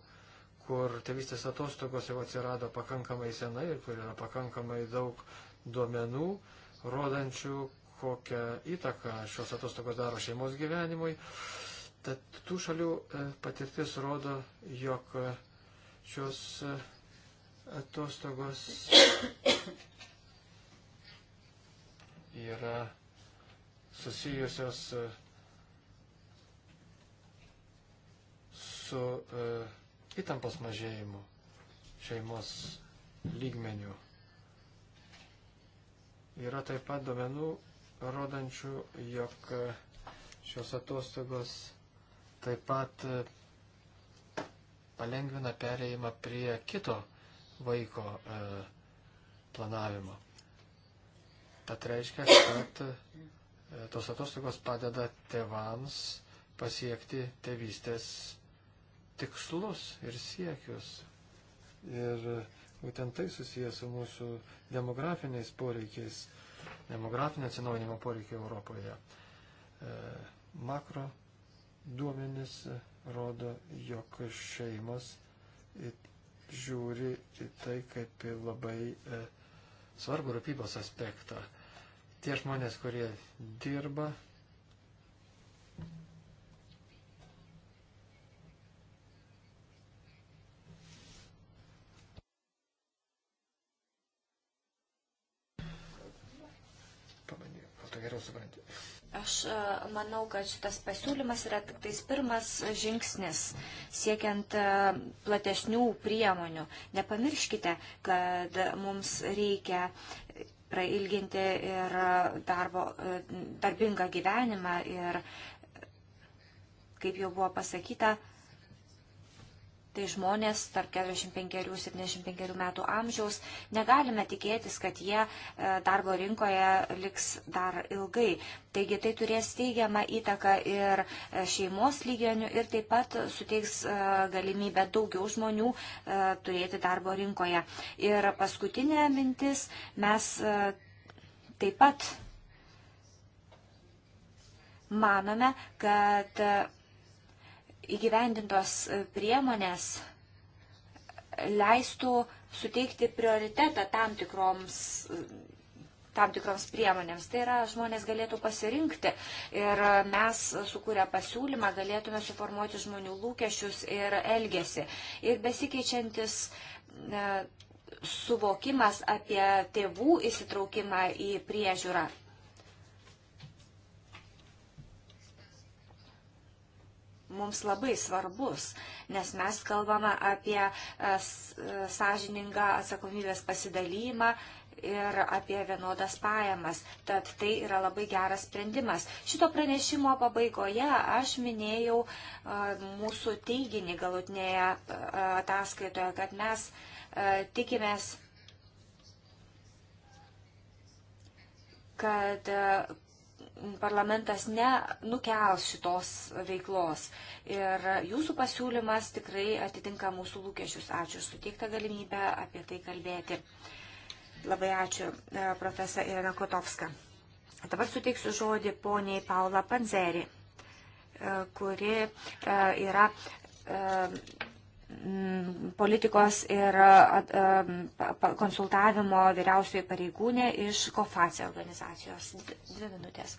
kur tėvystės atostogos jau atsirado pakankamai senai ir kur yra pakankamai daug duomenų, rodančių, kokią įtaką šios atostogos daro šeimos gyvenimui. E, Tad tų šalių e, patirtis rodo, jog e, šios e, atostogos yra susijusios su įtampos mažėjimu šeimos lygmenių. Yra taip pat domenų rodančių, jog šios atostogos taip pat e, palengvina pereimą prie kito vaiko e, planavimo. Tad reiškia, kad e, tos atostogos padeda tevams pasiekti tėvystės tikslus ir siekius. Ir būtent tai susijęs su mūsų demografiniais poreikiais, demografinio atsinaujinimo poreikiai Europoje. Makro duomenis rodo, jog šeimos žiūri į tai kaip labai e, svarbu rūpybos aspektą. Tie žmonės, kurie dirba, Pabandėjau, gal to tai geriau supranti. Aš e, manau, kad šitas pasiūlymas yra tik tais pirmas žingsnis siekiant e, platesnių priemonių. Nepamirškite, kad mums reikia prailginti ir darbo, e, darbingą gyvenimą ir, kaip jau buvo pasakyta, Tai žmonės tarp 45-75 metų amžiaus negalime tikėtis, kad jie e, darbo rinkoje liks dar ilgai. Taigi tai turės teigiamą įtaką ir e, šeimos lygionių ir taip pat suteiks e, galimybę daugiau žmonių turėti darbo rinkoje. Ir paskutinė mintis, mes taip pat manome, kad įgyvendintos priemonės leistų suteikti prioritetą tam tikroms tam tikroms priemonėms. Tai yra, žmonės galėtų pasirinkti ir mes sukūrę pasiūlymą galėtume suformuoti žmonių lūkesčius ir elgesį. Ir besikeičiantis e, suvokimas apie tėvų įsitraukimą į priežiūrą mums labai svarbus, nes mes kalbame apie e, e, sąžiningą atsakomybės pasidalymą ir apie vienodas pajamas. Tad tai yra labai geras sprendimas. Šito pranešimo pabaigoje aš minėjau e, mūsų teiginį galutinėje ataskaitoje, kad mes tikimės kad parlamentas nenukels šitos veiklos. Ir jūsų pasiūlymas tikrai atitinka mūsų lūkesčius. Ačiū už suteiktą galimybę apie tai kalbėti. Labai ačiū, e, profesor Irena Kotovska. Dabar suteiksiu žodį poniai Paula Panzeri, e, kuri e, yra Mm, politikos ir konsultavimo vyriausioji pareigūnė iš COFACE organizacijos. Dvi minutės.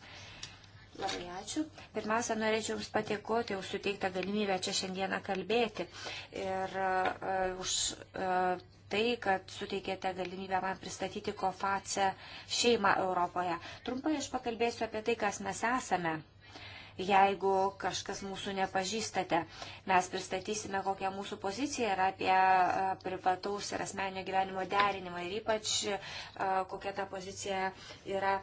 Labai ačiū. Pirmiausia, norėčiau Jums patikoti už suteiktą galimybę čia šiandieną kalbėti ir uh, už uh, tai, kad suteikėte galimybę man pristatyti COFACE šeimą Europoje. Trumpai aš pakalbėsiu apie tai, kas mes esame. Uh, jeigu kažkas mūsų nepažįstate. Mes pristatysime, kokia mūsų pozicija yra apie privataus ir asmenio gyvenimo derinimą ir ypač kokia ta pozicija yra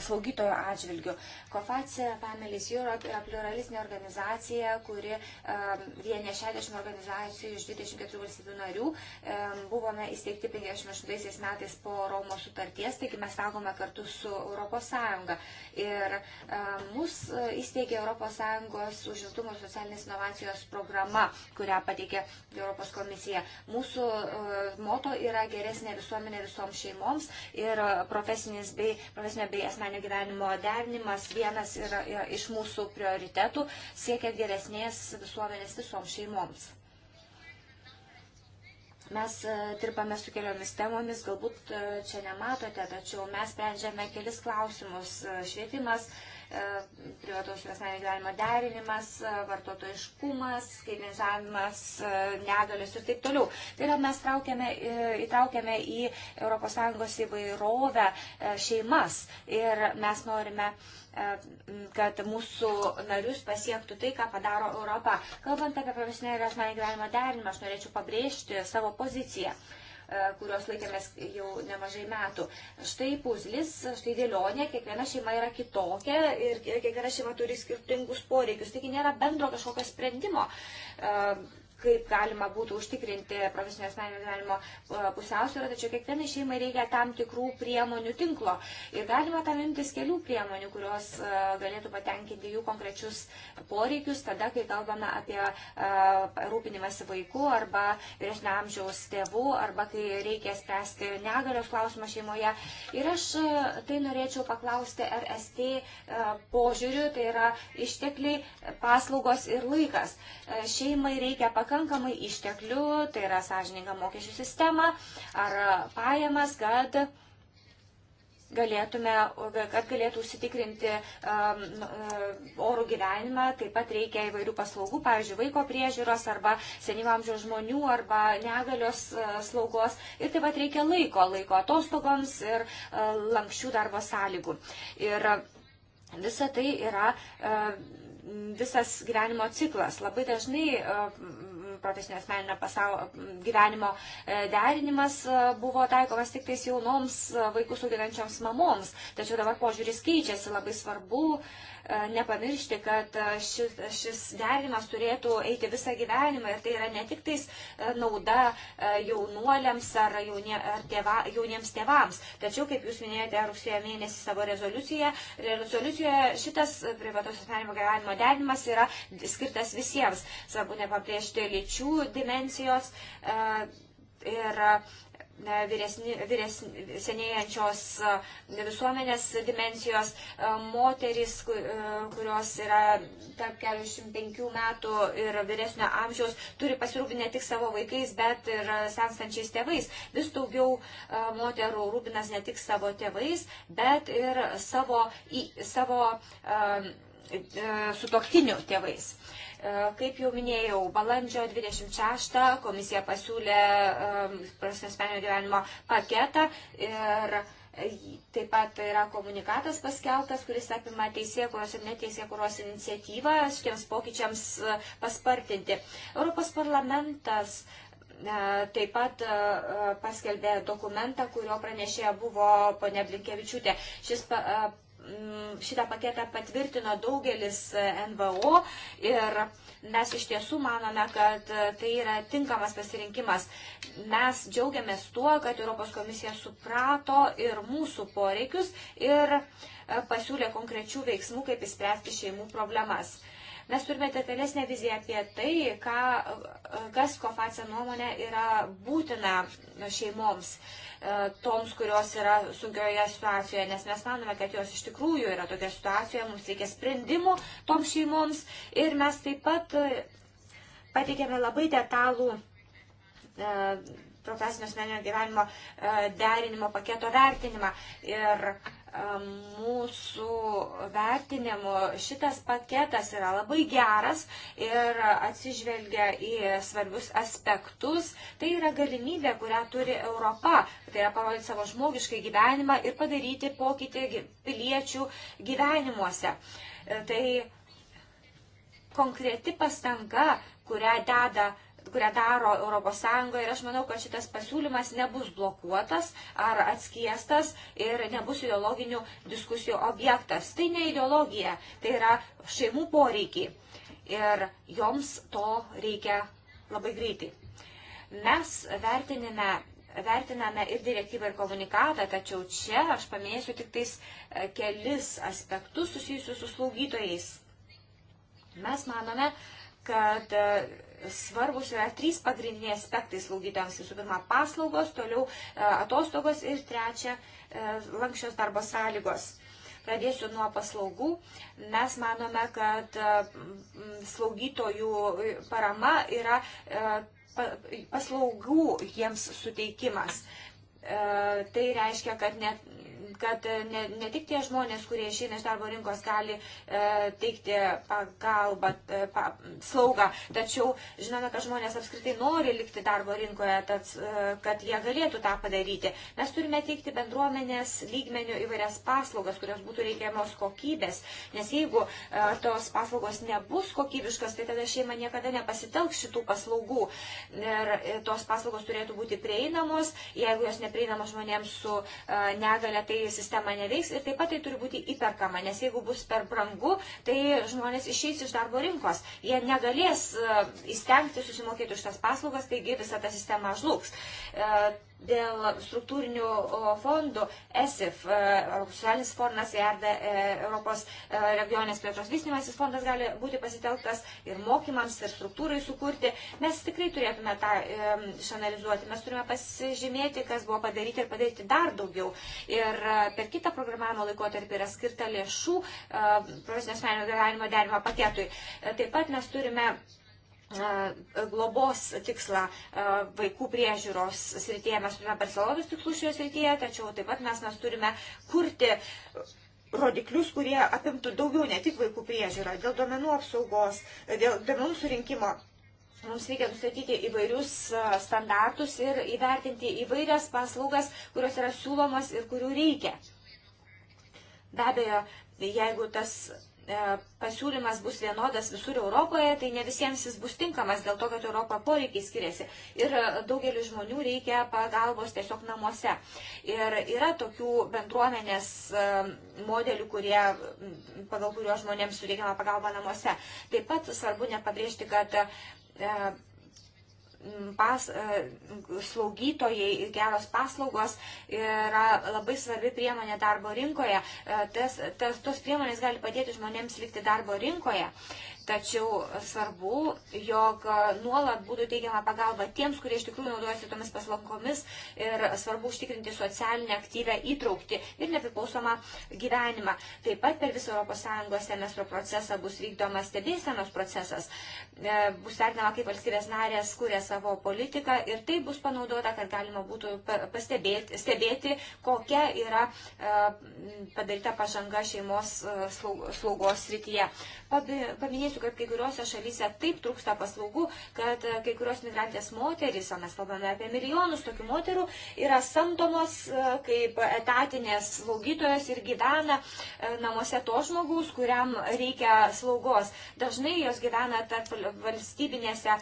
slaugytojo atžvilgiu. Kofacija Families Europe yra pluralistinė organizacija, kuri vienė 60 organizacijų iš 24 valstybių narių. Buvome įsteigti 58 metais po Romos sutarties, taigi mes augome kartu su ES. Ir mus e, įsteigė ES užimtumo ir socialinės inovacijos programa, kurią pateikė Europos komisija. Mūsų e, moto yra geresnė visuomenė visoms šeimoms ir profesinės bei, profesinė bei asmenio gyvenimo derinimas vienas yra, yra e, iš mūsų prioritetų, siekiant geresnės visuomenės visoms šeimoms. Mes e, dirbame su keliomis temomis, galbūt e, čia nematote, tačiau mes sprendžiame kelis klausimus. Švietimas, E, privatos ir asmeninio gyvenimo derinimas, e, vartotojiškumas, skaitmenizavimas, e, negalios ir taip toliau. Tai yra mes traukiame, įtraukiame į ES įvairovę šeimas ir mes norime kad mūsų narius pasiektų tai, ką padaro Europa. Kalbant apie profesinę ir asmenį gyvenimo derinimą, aš norėčiau pabrėžti savo poziciją. E, kurios laikėmės jau nemažai metų. Štai puzlis, štai dėlionė, kiekviena šeima yra kitokia ir kiekviena šeima turi skirtingus poreikius, taigi nėra bendro kažkokio sprendimo. Uh, kaip galima būtų užtikrinti profesinio asmeninio gyvenimo e, pusiausvyrą, tačiau kiekvienai šeimai reikia tam tikrų priemonių tinklo. Ir galima tam imtis kelių priemonių, kurios e, galėtų patenkinti jų konkrečius poreikius, tada, kai kalbame apie e, rūpinimąsi vaikų arba vyresnio amžiaus tėvų, arba kai reikia spręsti negalios klausimą šeimoje. Ir aš tai norėčiau paklausti RST požiūriu, tai yra ištekliai, paslaugos ir laikas. Šeimai reikia pakeisti pakankamai išteklių, tai yra sąžininką mokesčių sistemą ar pajamas, kad galėtume, kad galėtų užsitikrinti um, uh, orų gyvenimą, taip pat reikia įvairių paslaugų, pavyzdžiui, vaiko priežiūros arba senyvo amžiaus žmonių arba negalios uh, slaugos ir taip pat reikia laiko, laiko atostogoms ir uh, lankščių darbo sąlygų. Ir visa tai yra uh, visas gyvenimo ciklas. Labai dažnai uh, profesinio asmeninio pasaulio gyvenimo e, derinimas e, buvo taikomas tik tais jaunoms e, vaikus auginančioms mamoms. Tačiau dabar požiūris keičiasi, labai svarbu E, nepamiršti, kad e, šis, šis derinimas turėtų eiti visą gyvenimą ir tai yra ne tik tais e, nauda jaunuoliams ar, jaunie, ar tėva, jauniems tėvams. Tačiau, kaip jūs minėjote, rugsėjo mėnesį savo rezoliuciją, rezoliucijoje šitas privatos asmenimo gyvenimo derinimas yra skirtas visiems. Svarbu nepabrėžti lyčių dimensijos. Ir vyresni, vyresni, senėjančios visuomenės dimensijos, moteris, kurios yra tarp 45 metų ir vyresnio amžiaus, turi pasirūpinti ne tik savo vaikais, bet ir senstančiais tėvais. Vis daugiau moterų rūpinas ne tik savo tėvais, bet ir savo, į, savo um, E, sutoktinių tėvais. E, kaip jau minėjau, balandžio 26 komisija pasiūlė e, prasmesmenio gyvenimo paketą ir Taip pat yra komunikatas paskeltas, kuris apima teisėkuros ir neteisėkuros iniciatyvą šitiems pokyčiams paspartinti. Europos parlamentas taip pat paskelbė dokumentą, kurio pranešėja buvo ponia Blinkevičiūtė. Šis Mm, šitą paketą patvirtino daugelis e, NVO ir mes iš tiesų manome, kad e, tai yra tinkamas pasirinkimas. Mes džiaugiamės tuo, kad Europos komisija suprato ir mūsų poreikius ir e, pasiūlė konkrečių veiksmų, kaip įspręsti šeimų problemas. Mes turime detalesnę viziją apie tai, ką, kas kofacija nuomonė yra būtina šeimoms. Uh, E, toms, kurios yra sunkioje situacijoje, nes mes manome, kad jos iš tikrųjų yra tokia situacija, mums reikia sprendimų toms šeimoms ir mes taip pat e, pateikėme labai detalų e, profesinio asmeninio gyvenimo derinimo paketo vertinimą. Ir mūsų vertinimu šitas paketas yra labai geras ir atsižvelgia į svarbius aspektus. Tai yra galimybė, kurią turi Europa. Tai yra parodyti savo žmogiškai gyvenimą ir padaryti pokytį piliečių gyvenimuose. E, tai konkreti pastanga, kurią deda kurią daro ES ir aš manau, kad šitas pasiūlymas nebus blokuotas ar atskiestas ir nebus ideologinių diskusijų objektas. Tai ne ideologija, tai yra šeimų poreikiai ir joms to reikia labai greitai. Mes vertinime vertiname ir direktyvą, ir komunikatą, tačiau čia aš paminėsiu tik tais e, kelis aspektus susijusius su slaugytojais. Mes manome, kad e, svarbus yra trys pagrindiniai aspektai slaugytojams. Visų pirma, paslaugos, toliau e, atostogos ir trečia, e, lankščios darbo sąlygos. Pradėsiu nuo paslaugų. Mes manome, kad e, slaugytojų parama yra paslaugų jiems suteikimas. Tai reiškia, kad net kad e, ne, ne tik tie žmonės, kurie išeina iš darbo rinkos, gali e, teikti pagalbą, e, pa, slaugą, tačiau žinome, kad žmonės apskritai nori likti darbo rinkoje, tad, e, kad jie galėtų tą padaryti. Mes turime teikti bendruomenės lygmenių įvairias paslaugas, kurios būtų reikiamos kokybės, nes jeigu e, tos paslaugos nebus kokybiškas, tai tada šeima niekada nepasitelks šitų paslaugų. Ir e, tos paslaugos turėtų būti prieinamos, jeigu jos neprieinamos žmonėms su e, negale, tai atveju sistema neveiks ir taip pat tai turi būti įperkama, nes jeigu bus per brangu, tai žmonės išeis iš darbo rinkos. Jie negalės e, įstengti susimokėti už tas paslaugas, taigi visa ta sistema žlugs. E, dėl struktūrinių fondų ESIF, e, socialinis fondas ERDA, e, Europos e, regionės plėtros vystymasis fondas gali būti pasitelktas ir mokymams, ir struktūrai sukurti. Mes tikrai turėtume tą išanalizuoti. Mes turime pasižymėti, kas buvo padaryti ir padaryti dar daugiau. Ir per kitą programavimo laikotarpį yra skirta lėšų profesinio asmeninio gyvenimo derimo paketui. Taip pat mes turime globos tikslą vaikų priežiūros srityje. Mes turime personalus tikslus šioje srityje, tačiau taip pat mes, mes turime kurti rodiklius, kurie apimtų daugiau ne tik vaikų priežiūrą, dėl duomenų apsaugos, dėl duomenų surinkimo. Mums reikia nustatyti įvairius standartus ir įvertinti įvairias paslaugas, kurios yra siūlomas ir kurių reikia. Be abejo, jeigu tas E, pasiūlymas bus vienodas visur Europoje, tai ne visiems jis bus tinkamas dėl to, kad Europą poreikiai skiriasi. Ir daugeliu žmonių reikia pagalbos tiesiog namuose. Ir yra tokių bendruomenės e, modelių, kurie, pagal kuriuos žmonėms suteikiama pagalba namuose. Taip pat svarbu nepabrėžti, kad e, Mm, pas, e, slaugytojai, geros paslaugos yra labai svarbi priemonė darbo rinkoje. E, tas, tas, tos priemonės gali padėti žmonėms likti darbo rinkoje. Tačiau svarbu, jog nuolat būtų teigiama pagalba tiems, kurie iš tikrųjų naudojasi tomis paslankomis ir svarbu užtikrinti socialinę aktyvę įtraukti ir nepriklausomą gyvenimą. Taip pat per visą ES semestro procesą bus vykdomas stebėsenos procesas. E, bus vertinama, kaip valstybės narės kūrė savo politiką ir tai bus panaudota, kad galima būtų pastebėti, stebėti, kokia yra e, padaryta pažanga šeimos e, slaugos srityje. Paminėsiu pasakysiu, kad kai kuriuose šalyse taip trūksta paslaugų, kad e, kai kurios migrantės moterys, o mes kalbame apie milijonus tokių moterų, yra samdomos e, kaip etatinės slaugytojos ir gyvena e, namuose to žmogaus, kuriam reikia slaugos. Dažnai jos gyvena tarp valstybinėse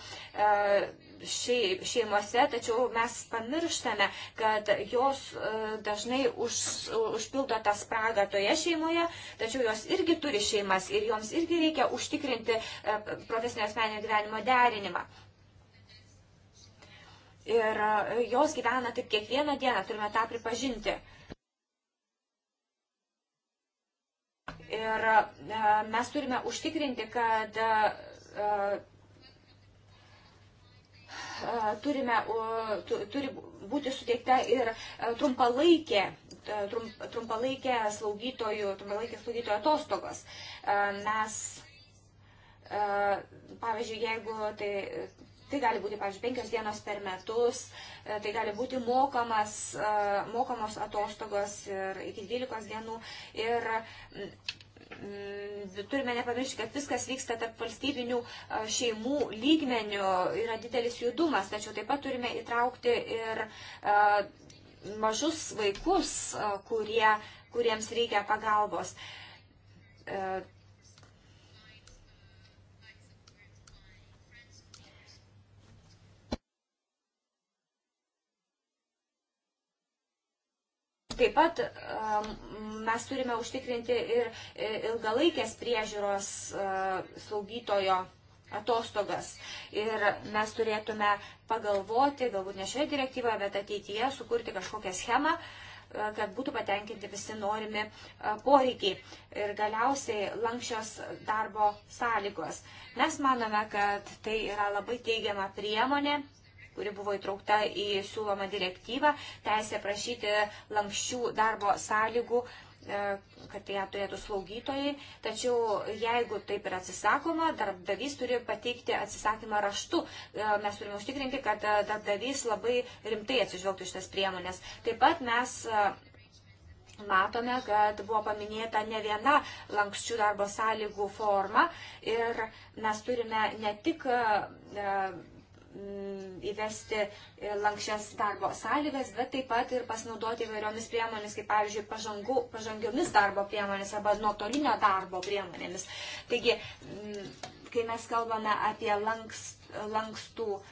šeimose, tačiau mes pamirštame, kad jos e, dažnai už, užpildo tą spragą toje šeimoje, tačiau jos irgi turi šeimas ir joms irgi reikia užtikrinti e, profesinio asmeninio gyvenimo derinimą. Ir e, jos gyvena taip kiekvieną dieną, turime tą pripažinti. Ir mes turime užtikrinti, kad E, turime, turi būti suteikta ir e, trumpalaikė, e, trumpalaikė slaugytojų, trumpalaikė slaugytojų atostogos. Mes, pavyzdžiui, jeigu tai Tai gali būti, pavyzdžiui, penkios dienos per metus, tai gali būti mokamas, mokamos atostogos ir iki dvylikos dienų. Ir Mm, turime nepamiršti, kad viskas vyksta tarp valstybinių šeimų lygmenių, yra didelis judumas, tačiau taip pat turime įtraukti ir mažus vaikus, kurie, kuriems reikia pagalbos. E, Taip pat um, mes turime užtikrinti ir e, ilgalaikės priežiūros e, slaugytojo atostogas. Ir mes turėtume pagalvoti, galbūt ne šioje direktyvoje, bet ateityje sukurti kažkokią schemą, e, kad būtų patenkinti visi norimi poreikiai. Ir galiausiai lankščios darbo sąlygos. Mes manome, kad tai yra labai teigiama priemonė kuri buvo įtraukta į siūlomą direktyvą, teisė prašyti lankščių darbo sąlygų e, kad ją turėtų slaugytojai, tačiau jeigu taip ir atsisakoma, darbdavys turi pateikti atsisakymą raštu. E, mes turime užtikrinti, kad e, darbdavys labai rimtai atsižvelgtų šitas priemonės. Taip pat mes matome, kad buvo paminėta ne viena lankščių darbo sąlygų forma ir mes turime ne tik Mm, įvesti e, lankščias darbo sąlygas, bet taip pat ir pasinaudoti įvairiomis priemonėmis, kaip pavyzdžiui, pažangų, pažangiomis darbo priemonėmis arba nuotolinio darbo priemonėmis. Taigi, mm, kai mes kalbame apie lanks, lankstų e,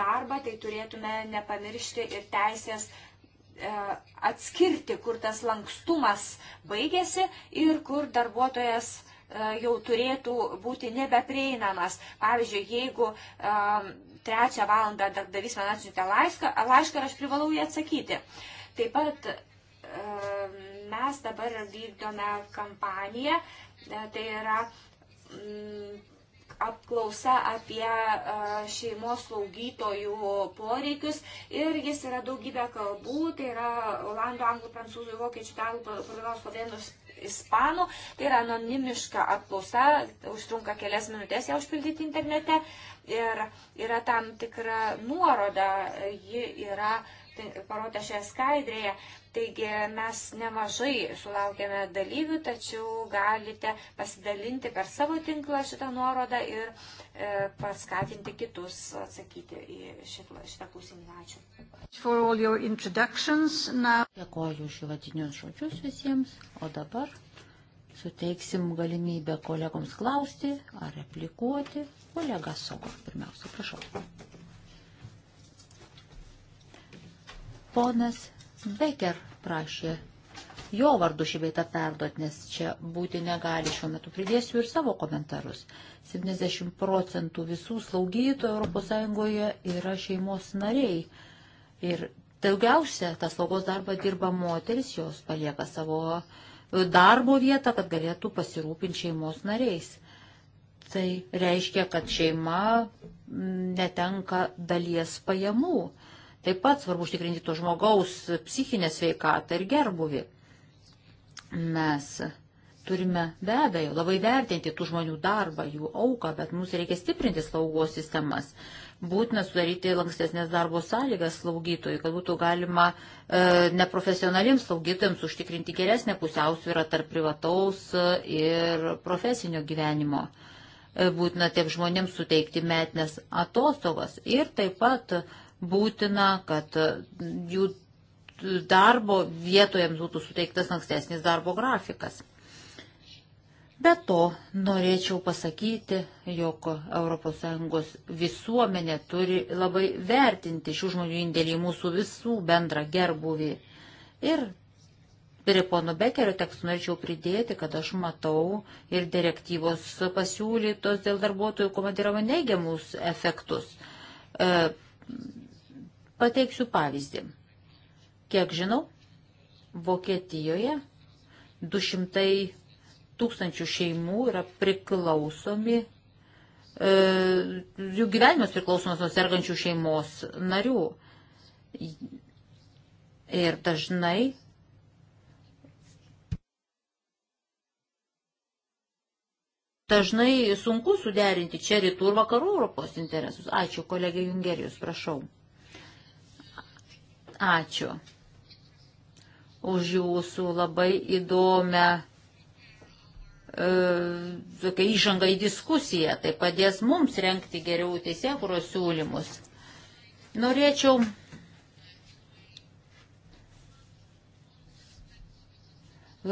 darbą, tai turėtume nepamiršti ir teisės e, atskirti, kur tas lankstumas baigėsi ir kur darbuotojas jau turėtų būti nebeprieinamas. Pavyzdžiui, jeigu trečią valandą darbdavys man atsiuntė laišką, laišką ir aš privalau jį atsakyti. Taip pat mes dabar vykdome kampaniją, e, tai yra mm, apklausa apie e, šeimos slaugytojų poreikius ir jis yra daugybė kalbų, tai yra olandų, anglų, prancūzų, vokiečių, italų, portugalų, slovenų, ispanų. Tai yra anonimiška apklausa, užtrunka kelias minutės ją užpildyti internete ir yra tam tikra nuoroda, ji yra parodė šioje skaidrėje, Taigi mes nemažai sulaukėme dalyvių, tačiau galite pasidalinti per savo tinklą šitą nuorodą ir e, paskatinti kitus atsakyti į šitą, šitą klausimą. Ačiū. Dėkoju už įvadinius žodžius visiems, o dabar suteiksim galimybę kolegoms klausti ar replikuoti. Kolega Sokor, pirmiausia, prašau. Ponas Becker prašė jo vardu šį beitą perduot, nes čia būti negali šiuo metu. Pridėsiu ir savo komentarus. 70 procentų visų slaugytojų ES yra šeimos nariai. Ir daugiausia tą slaugos darbą dirba moteris, jos palieka savo e, darbo vietą, kad galėtų pasirūpinti šeimos nariais. Tai reiškia, kad šeima netenka dalies pajamų Taip pat svarbu užtikrinti to žmogaus psichinę sveikatą ir gerbuvį. Mes turime be abejo labai vertinti tų žmonių darbą, jų auką, bet mums reikia stiprinti slaugos sistemas. Būtina sudaryti lankstesnės darbo sąlygas slaugytojui, kad būtų galima e, neprofesionaliems slaugytojams užtikrinti geresnę pusiausvyrą tarp privataus e, ir profesinio gyvenimo. E, būtina tiem žmonėms suteikti metnes atostogas ir taip pat būtina, kad e, jų darbo vietoje būtų suteiktas ankstesnis darbo grafikas. Be to, norėčiau pasakyti, jog ES visuomenė turi labai vertinti šių žmonių indėlį į mūsų visų bendrą gerbuvį. Ir prie pono Bekerio tekstų norėčiau pridėti, kad aš matau ir direktyvos pasiūlytos dėl darbuotojų komandiravimo neigiamus efektus. E, Pateiksiu pavyzdį. Kiek žinau, Vokietijoje 200 tūkstančių šeimų yra priklausomi, e, jų gyvenimas priklausomas nuo sergančių šeimos narių. Ir dažnai dažnai sunku suderinti čia rytų ir vakarų Europos interesus. Ačiū, kolegė Jungerijus, prašau ačiū už jūsų labai įdomią e, tokia įžanga į diskusiją. Tai padės mums renkti geriau teisėkuros siūlymus. Norėčiau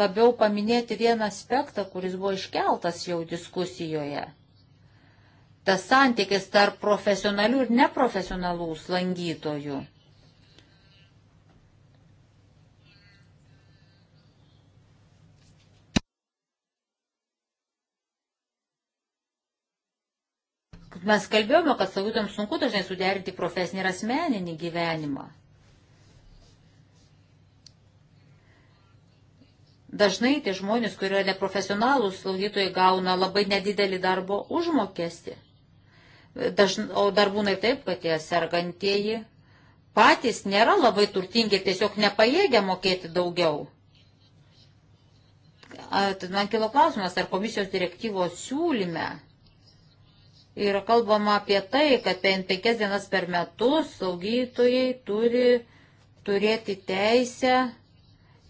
labiau paminėti vieną aspektą, kuris buvo iškeltas jau diskusijoje. Tas santykis tarp profesionalių ir neprofesionalų slangytojų. mes kalbėjome, kad slaugytojams sunku dažnai suderinti profesinį ir asmeninį gyvenimą. Dažnai tie žmonės, kurie yra neprofesionalūs slaugytojai, gauna labai nedidelį darbo užmokestį. Dažn, o dar būna ir taip, kad tie sergantieji patys nėra labai turtingi ir tiesiog nepajėgia mokėti daugiau. Tad man kilo klausimas, ar komisijos direktyvos siūlyme yra kalbama apie tai, kad penkias dienas per metus saugytojai turi turėti teisę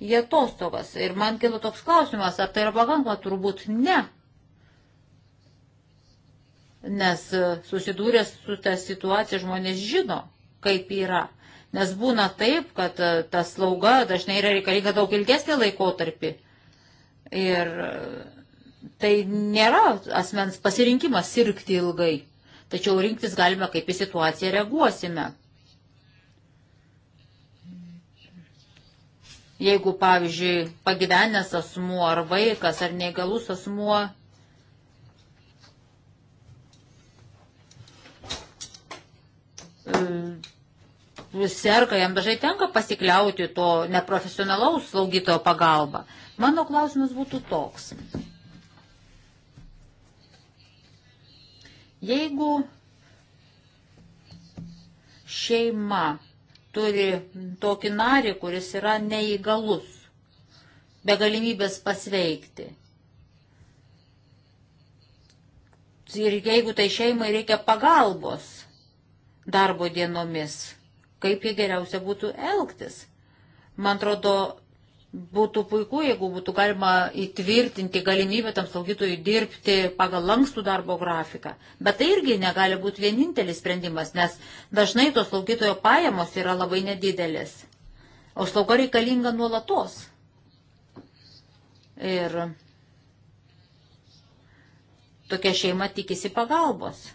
į atostogas. Ir man kilo toks klausimas, ar tai yra pakankama, turbūt ne. Nes e, susidūręs su tą situaciją žmonės žino, kaip yra. Nes būna taip, kad e, ta slauga dažnai yra reikalinga daug ilgesnį laikotarpį. Ir e, Tai nėra asmens pasirinkimas sirgti ilgai, tačiau rinktis galime, kaip į situaciją reaguosime. Jeigu, pavyzdžiui, pagyvenęs asmuo ar vaikas ar neįgalus asmuo e, serga, jam dažnai tenka pasikliauti to neprofesionalaus slaugytojo pagalba. Mano klausimas būtų toks. Jeigu šeima turi tokį narį, kuris yra neįgalus, be galimybės pasveikti. Ir jeigu tai šeimai reikia pagalbos darbo dienomis, kaip jie geriausia būtų elgtis. Man atrodo, Būtų puiku, jeigu būtų galima įtvirtinti galimybę tam slaugytojui dirbti pagal lankstų darbo grafiką. Bet tai irgi negali būti vienintelis sprendimas, nes dažnai tos slaugytojo pajamos yra labai nedidelės. O slauga reikalinga nuolatos. Ir tokia šeima tikisi pagalbos.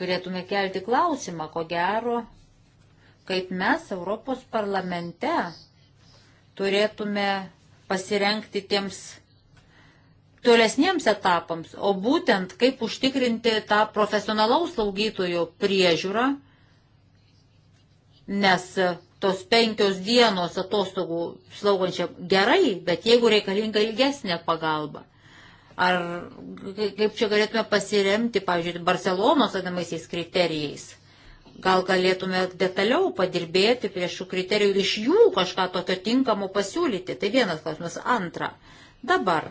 Turėtume kelti klausimą, ko gero, kaip mes Europos parlamente turėtume pasirenkti tiems tolesniems etapams, o būtent kaip užtikrinti tą profesionalaus slaugytojų priežiūrą, nes tos penkios dienos atostogų slaugančia gerai, bet jeigu reikalinga ilgesnė pagalba. Ar kaip čia galėtume pasiremti, pavyzdžiui, Barcelonos vadinamaisiais kriterijais? Gal galėtume detaliau padirbėti prie šių kriterijų ir iš jų kažką tokio tinkamo pasiūlyti. Tai vienas klausimas. Antra. Dabar.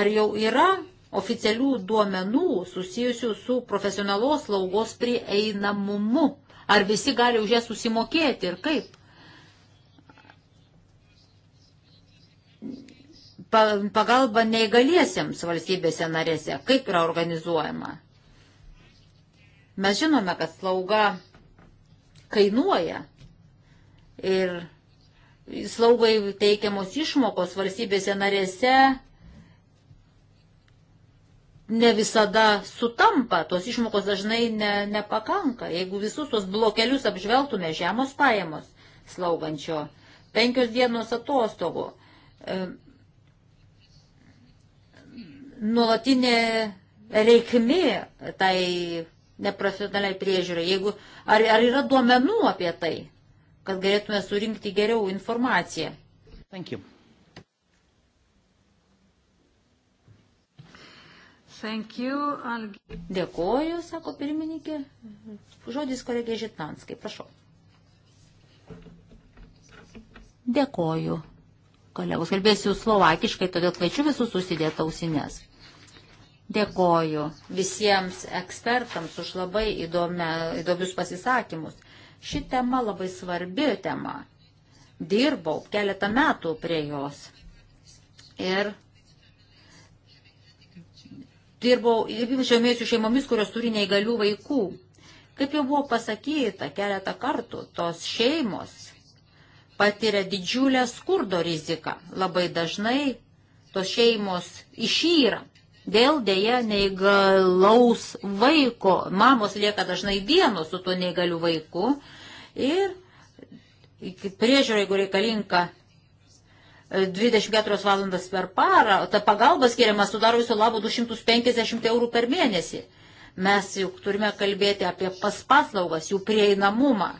Ar jau yra oficialių duomenų susijusių su profesionalos slaugos prieinamumu? Ar visi gali už ją susimokėti ir kaip? pagalba neįgaliesiems valstybėse narėse, kaip yra organizuojama. Mes žinome, kad slauga kainuoja ir slaugai teikiamos išmokos valstybėse narėse ne visada sutampa, tos išmokos dažnai ne, nepakanka. Jeigu visus tos blokelius apžvelgtume, žemos pajamos slaugančio, penkios dienos atostogų, e, nuolatinė reikmi tai neprofesionaliai priežiūrai. Jeigu, ar, ar yra duomenų apie tai, kad galėtume surinkti geriau informaciją? Thank you. Thank you. I'll... Dėkoju, sako pirmininkė. Žodis kolegė Žitanskai, prašau. Dėkoju. Kolegos, kalbėsiu slovakiškai, todėl kviečiu visus susidėti ausinės. Dėkoju visiems ekspertams už labai įdomia, įdomius pasisakymus. Ši tema labai svarbi tema. Dirbau keletą metų prie jos. Ir dirbau, žemėsiu šeimomis, kurios turi neįgalių vaikų. Kaip jau buvo pasakyta keletą kartų, tos šeimos patiria didžiulę skurdo riziką. Labai dažnai tos šeimos išyra Dėl dėja neįgalaus vaiko, mamos lieka dažnai vienos su tuo neįgaliu vaiku ir priežiūra, jeigu reikalinga 24 e, valandas per parą, ta pagalba skiriama sudaro viso labo 250 eurų per mėnesį. Mes juk turime kalbėti apie paslaugas, jų prieinamumą.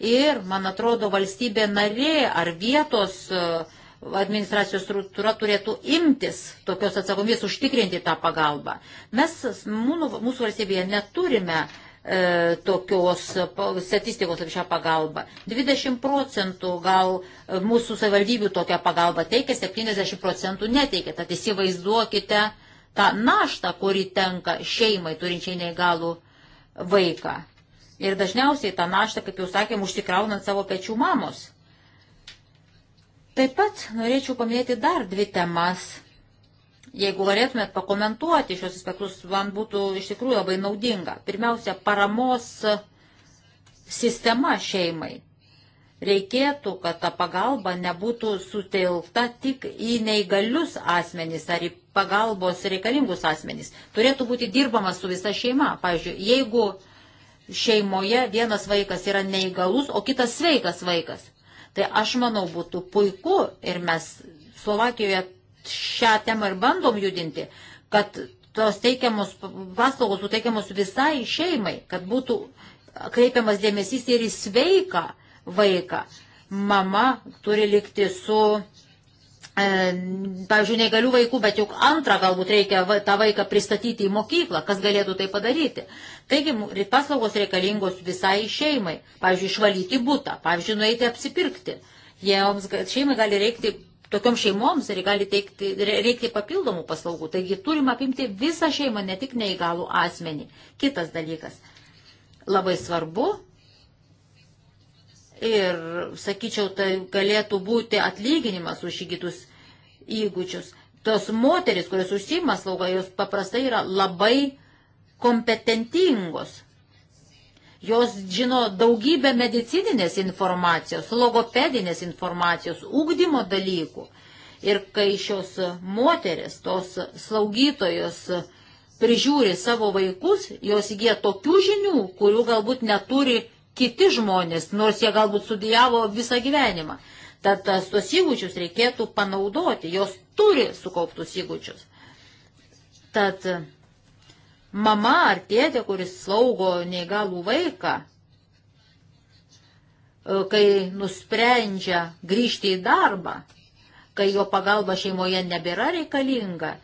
Ir, man atrodo, valstybė narė ar vietos uh, administracijos struktūra turėtų imtis tokios atsakomybės užtikrinti tą pagalbą. Mes mūsų valstybėje neturime e, tokios statistikos apie šią pagalbą. 20 procentų gal e, mūsų savivaldybių tokią pagalbą teikia, 70 procentų neteikia. Tad įsivaizduokite tą naštą, kuri tenka šeimai turinčiai neįgalų vaiką. Ir dažniausiai tą naštą, kaip jau sakėm, užsikraunant savo pečių mamos. Taip pat norėčiau paminėti dar dvi temas. Jeigu galėtumėt pakomentuoti šios aspektus, man būtų iš tikrųjų labai naudinga. Pirmiausia, paramos sistema šeimai. Reikėtų, kad ta pagalba nebūtų sutelkta tik į neįgalius asmenys ar į pagalbos reikalingus asmenys. Turėtų būti dirbama su visa šeima. Pavyzdžiui, jeigu šeimoje vienas vaikas yra neįgalus, o kitas sveikas vaikas, Tai aš manau būtų puiku ir mes Slovakijoje šią temą ir bandom judinti, kad tos teikiamos paslaugos būtų teikiamos visai šeimai, kad būtų kreipiamas dėmesys ir į sveiką vaiką. Mama turi likti su E, pavyzdžiui, negalių vaikų, bet juk antrą galbūt reikia tą vaiką pristatyti į mokyklą, kas galėtų tai padaryti. Taigi, paslaugos reikalingos visai šeimai, pavyzdžiui, išvalyti būtą, pavyzdžiui, nueiti apsipirkti. Jiems šeimai gali reikti, tokiom šeimoms gali teikti, reikti papildomų paslaugų. Taigi, turim apimti visą šeimą, ne tik neįgalų asmenį. Kitas dalykas. Labai svarbu ir, sakyčiau, tai galėtų būti atlyginimas už įgytus įgūdžius. Tos moteris, kurios užsima slaugą, jos paprastai yra labai kompetentingos. Jos žino daugybę medicininės informacijos, logopedinės informacijos, ūkdymo dalykų. Ir kai šios moteris, tos slaugytojos prižiūri savo vaikus, jos įgyja tokių žinių, kurių galbūt neturi kiti žmonės, nors jie galbūt studijavo visą gyvenimą. Tad tas, tuos įgūdžius reikėtų panaudoti, jos turi sukauptus įgūdžius. Tad e, mama ar tėtė, kuris slaugo neįgalų vaiką, e, kai nusprendžia grįžti į darbą, kai jo pagalba šeimoje nebėra reikalinga,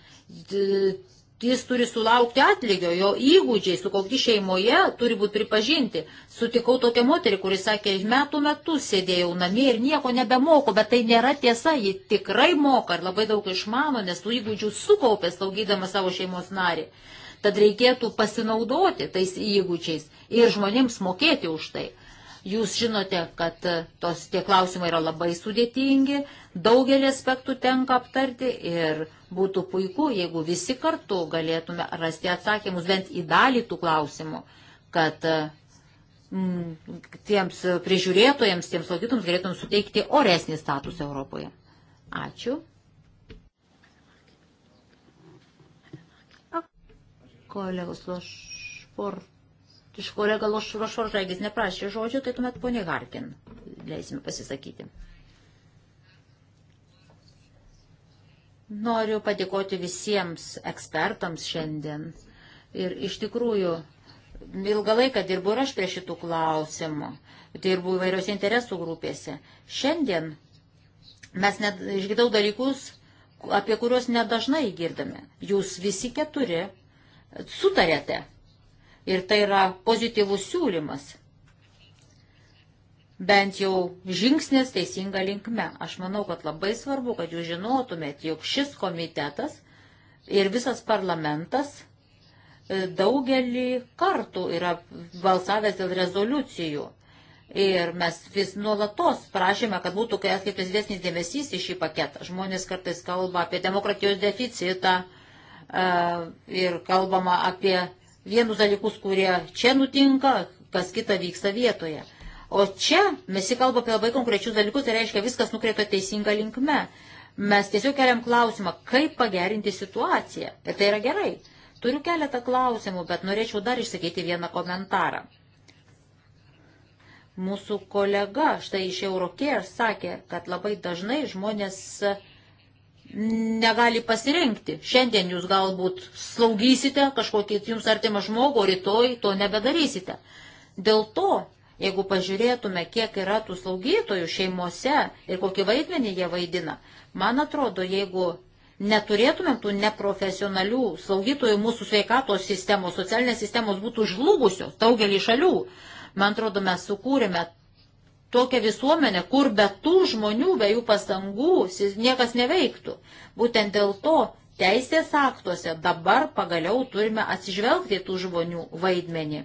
jis turi sulaukti atlygio, jo įgūdžiai sukaupti šeimoje turi būti pripažinti. Sutikau tokią moterį, kuris sakė, metų metus sėdėjau namie ir nieko nebemoku, bet tai nėra tiesa, ji tikrai moka ir labai daug išmano, nes tų įgūdžių sukaupė slaugydama savo šeimos narį. Tad reikėtų pasinaudoti tais įgūdžiais ir žmonėms mokėti už tai. Jūs žinote, kad tos, tie klausimai yra labai sudėtingi, daugelį aspektų tenka aptarti ir būtų puiku, jeigu visi kartu galėtume rasti atsakymus bent į dalį tų klausimų, kad m, mm, tiems prižiūrėtojams, tiems slaugytams galėtum suteikti oresnį statusą Europoje. Ačiū. Kolegos Lošport iš kolega Lošvašor Žaigis neprašė žodžio, tai tuomet ponė Harkin leisime pasisakyti. Noriu padėkoti visiems ekspertams šiandien. Ir iš tikrųjų, ilgą laiką dirbu ir aš prie šitų klausimų. Dirbu įvairiose interesų grupėse. Šiandien mes net išgirdau dalykus, apie kuriuos nedažnai girdame. Jūs visi keturi sutarėte Ir tai yra pozityvus siūlymas. Bent jau žingsnis teisinga linkme. Aš manau, kad labai svarbu, kad jūs žinotumėt, jog šis komitetas ir visas parlamentas e, daugelį kartų yra balsavęs dėl rezoliucijų. Ir mes vis nuolatos prašėme, kad būtų atkreiptas didesnis dėmesys į šį paketą. Žmonės kartais kalba apie demokratijos deficitą e, ir kalbama apie vienus dalykus, kurie čia nutinka, kas kita vyksta vietoje. O čia mes įkalbame apie labai konkrečius dalykus, tai reiškia viskas nukreipta teisinga linkme. Mes tiesiog keliam klausimą, kaip pagerinti situaciją. Ir tai yra gerai. Turiu keletą klausimų, bet norėčiau dar išsakyti vieną komentarą. Mūsų kolega štai iš Eurokėr sakė, kad labai dažnai žmonės uh, negali pasirinkti. Šiandien jūs galbūt slaugysite kažkokį jums artimą žmogų, o rytoj to nebedarysite. Dėl to, jeigu pažiūrėtume, kiek yra tų slaugytojų šeimose ir kokį vaidmenį jie vaidina, man atrodo, jeigu neturėtumėm tų neprofesionalių slaugytojų, mūsų sveikatos sistemos, socialinės sistemos būtų žlugusios daugelį šalių. Man atrodo, mes sukūrėme tokią visuomenę, kur be tų žmonių, be jų pastangų niekas neveiktų. Būtent dėl to teisės aktuose dabar pagaliau turime atsižvelgti tų žmonių vaidmenį.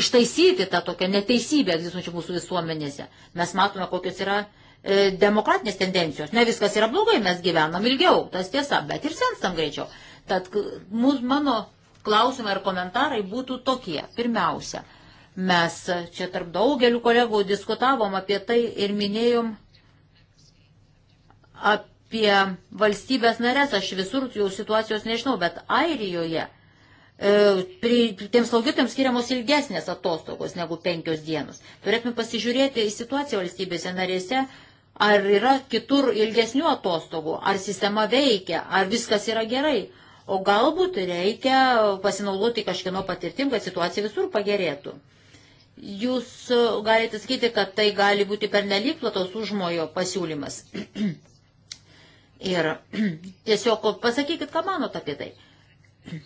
Ištaisyti tą tokią neteisybę egzistuojančią mūsų visuomenėse. Mes matome, kokios yra e, demokratinės tendencijos. Ne viskas yra blogai, mes gyvenam ilgiau, tas tiesa, bet ir senstam greičiau. Tad mūsų mano klausimai ir komentarai būtų tokie. Pirmiausia, Mes čia tarp daugelių kolegų diskutavom apie tai ir minėjom apie valstybės narės. Aš visur jau situacijos nežinau, bet Airijoje e, pri, tiems slaugytėms skiriamos ilgesnės atostogos negu penkios dienos. Turėtume pasižiūrėti į situaciją valstybėse narėse, ar yra kitur ilgesnių atostogų, ar sistema veikia, ar viskas yra gerai. O galbūt reikia pasinaudoti kažkieno patirtim, kad situacija visur pagerėtų. Jūs e, galite sakyti, kad tai gali būti pernelyg plataus užmojo pasiūlymas. <clears throat> Ir <clears throat> tiesiog pasakykit, ką manot apie tai. <clears throat>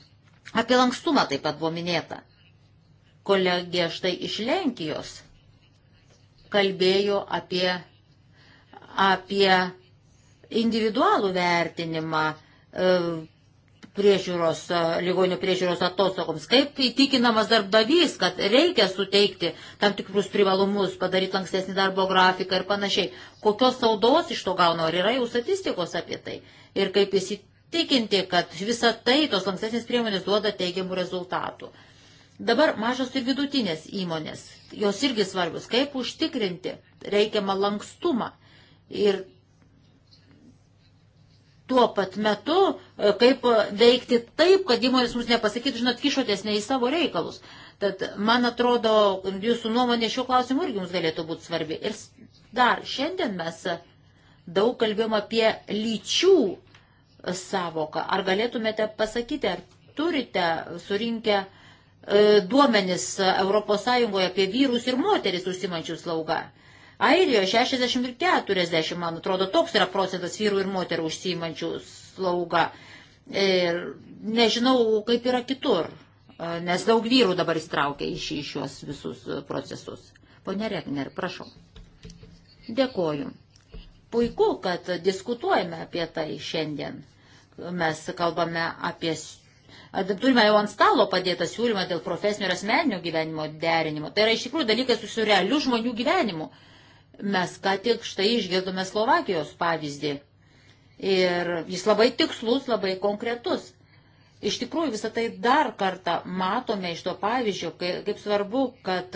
Apie lankstumą taip pat buvo minėta. Kolegė štai iš Lenkijos kalbėjo apie, apie individualų vertinimą e, priežiūros, lygonių priežiūros atostogoms. Kaip įtikinamas darbdavys, kad reikia suteikti tam tikrus privalumus, padaryti lankstesnį darbo grafiką ir panašiai. Kokios naudos iš to gauna, ar yra jau statistikos apie tai? Ir kaip įsitikinti, kad visa tai, tos lankstesnės priemonės duoda teigiamų rezultatų. Dabar mažos ir vidutinės įmonės, jos irgi svarbios. Kaip užtikrinti reikiamą lankstumą? Ir tuo pat metu, e, kaip veikti taip, kad įmonės mums nepasakytų, žinot, kišotės ne į savo reikalus. Tad, man atrodo, jūsų nuomonė šiuo klausimu irgi jums galėtų būti svarbi. Ir dar šiandien mes daug kalbėjom apie lyčių savoką. Ar galėtumėte pasakyti, ar turite surinkę e, duomenis ES apie vyrus ir moteris užsimančių slaugą? Airijoje 60 ir 40, man atrodo, toks yra procentas vyrų ir moterų užsiimančių slaugą. Ir nežinau, kaip yra kitur, e, nes daug vyrų dabar įstraukia iš, iš šios visus e, procesus. Pone Regner, prašau. Dėkoju. Puiku, kad diskutuojame apie tai šiandien. Mes kalbame apie turime jau ant stalo padėtą siūlymą dėl profesinio ir asmeninio gyvenimo derinimo. Tai yra iš tikrųjų dalykai su realiu žmonių gyvenimu. Mes ką tik štai išgirdome Slovakijos pavyzdį. Ir jis labai tikslus, labai konkretus. Iš tikrųjų, visą tai dar kartą matome iš to pavyzdžio, kaip svarbu, kad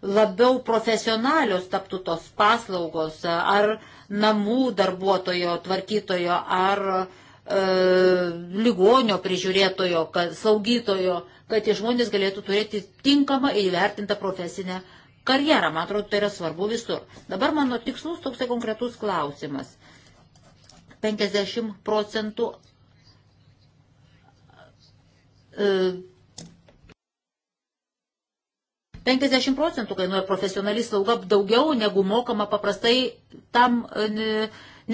labiau profesionalios taptų tos paslaugos ar namų darbuotojo, tvarkytojo, ar e, lygonio prižiūrėtojo, kad, saugytojo, kad tie žmonės galėtų turėti tinkamą įvertintą profesinę karjerą. Man atrodo, tai yra svarbu visur. Dabar mano tikslus toksai konkretus klausimas. 50 procentų. E, 50 procentų kainuoja profesionali slauga daugiau negu mokama paprastai tam e,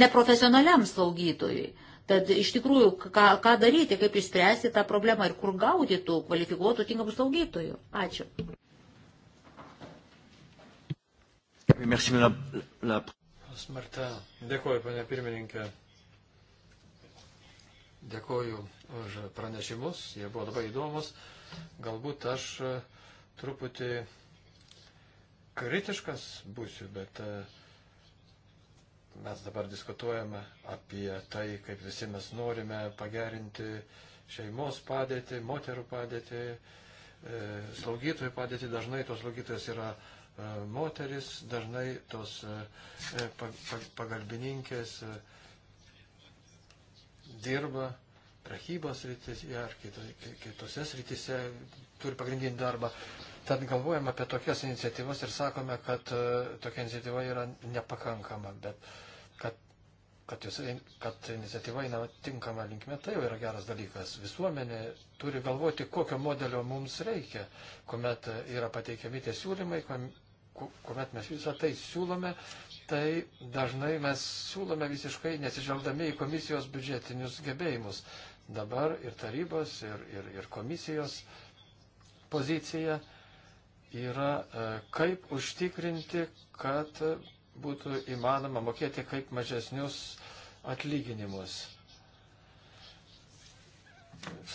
neprofesionaliam slaugytojui. Tad iš tikrųjų, ką, ką daryti, kaip išspręsti tą problemą ir kur gauti tų kvalifikuotų tinkamų slaugytojų. Ačiū. Merci, la... Smarta, dėkuoju, panė pirmininkė. Dėkuoju už pranešimus, jie buvo labai įdomus. Galbūt aš e, truputį kritiškas būsiu, bet e, mes dabar diskutuojame apie tai, kaip visi mes norime pagerinti šeimos padėtį, moterų padėtį, e, slaugytojų padėtį. Dažnai tos slaugytojas yra moteris, dažnai tos e, pagalbininkės dirba prekybos rytise ar kitose rytise turi pagrindinį darbą. Tad galvojame apie tokias iniciatyvas ir sakome, kad tokia iniciatyva yra nepakankama, bet kad, kad, jūs, kad iniciatyva eina tinkama linkme, tai jau yra geras dalykas. Visuomenė turi galvoti, kokio modelio mums reikia, kuomet yra pateikiami tie siūlymai, kuomet mes visą tai siūlome, tai dažnai mes siūlome visiškai nesižvelgdami į komisijos biudžetinius gebėjimus. Dabar ir tarybos, ir, ir, ir komisijos pozicija yra, e, kaip užtikrinti, kad būtų įmanoma mokėti kaip mažesnius atlyginimus.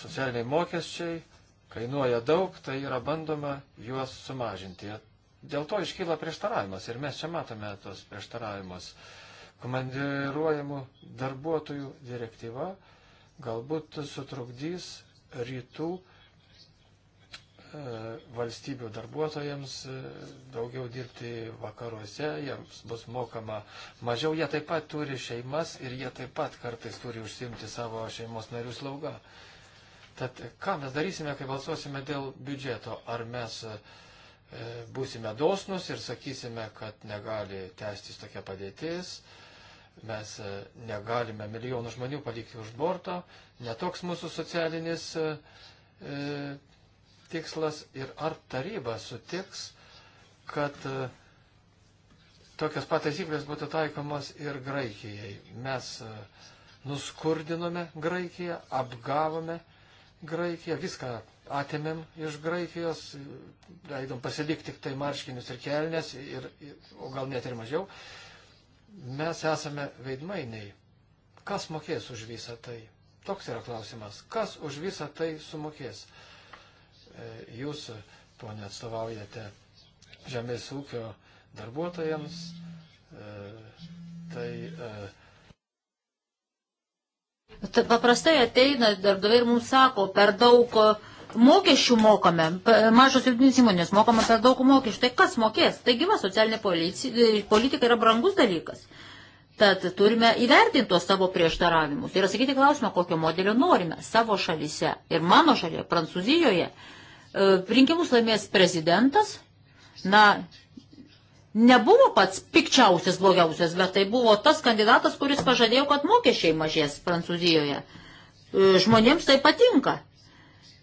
Socialiniai mokesčiai kainuoja daug, tai yra bandoma juos sumažinti dėl to iškyla prieštaravimas ir mes čia matome tos prieštaravimus. Komandiruojamų darbuotojų direktyva galbūt sutrukdys rytų e, valstybių darbuotojams e, daugiau dirbti vakaruose, jiems bus mokama mažiau, jie taip pat turi šeimas ir jie taip pat kartais turi užsimti savo šeimos narių slaugą. Tad ką mes darysime, kai balsuosime dėl biudžeto? Ar mes uh, E, būsime dosnus ir sakysime, kad negali tęstis tokia padėtis, mes e, negalime milijonų žmonių palikti už borto, netoks mūsų socialinis e, e tikslas ir ar taryba sutiks, kad e, tokios pataisyklės būtų taikomos ir Graikijai. Mes e, nuskurdinome Graikiją, apgavome Graikiją, viską atėmėm iš Graikijos, leidom pasilikti tik tai marškinius ir kelnes, ir, ir, o gal net ir mažiau. Mes esame veidmainiai. Kas mokės už visą tai? Toks yra klausimas. Kas už visą tai sumokės? E, jūs, ponė, atstovaujate žemės ūkio darbuotojams. E, tai, e, Paprastai ateina darbdaviai ir mums sako, per daug uh, mokesčių mokame, mažos vidinės įmonės mokame per daug mokesčių, tai kas mokės? Taigi, va, socialinė e, politika yra brangus dalykas. Tad turime įvertinti tuos savo prieštaravimus ir tai atsakyti klausimą, kokio modelio norime savo šalyse ir mano šalyje, Prancūzijoje. E, rinkimus laimės prezidentas, na, nebuvo pats pikčiausias, blogiausias, bet tai buvo tas kandidatas, kuris pažadėjo, kad mokesčiai mažės Prancūzijoje. E, žmonėms tai patinka.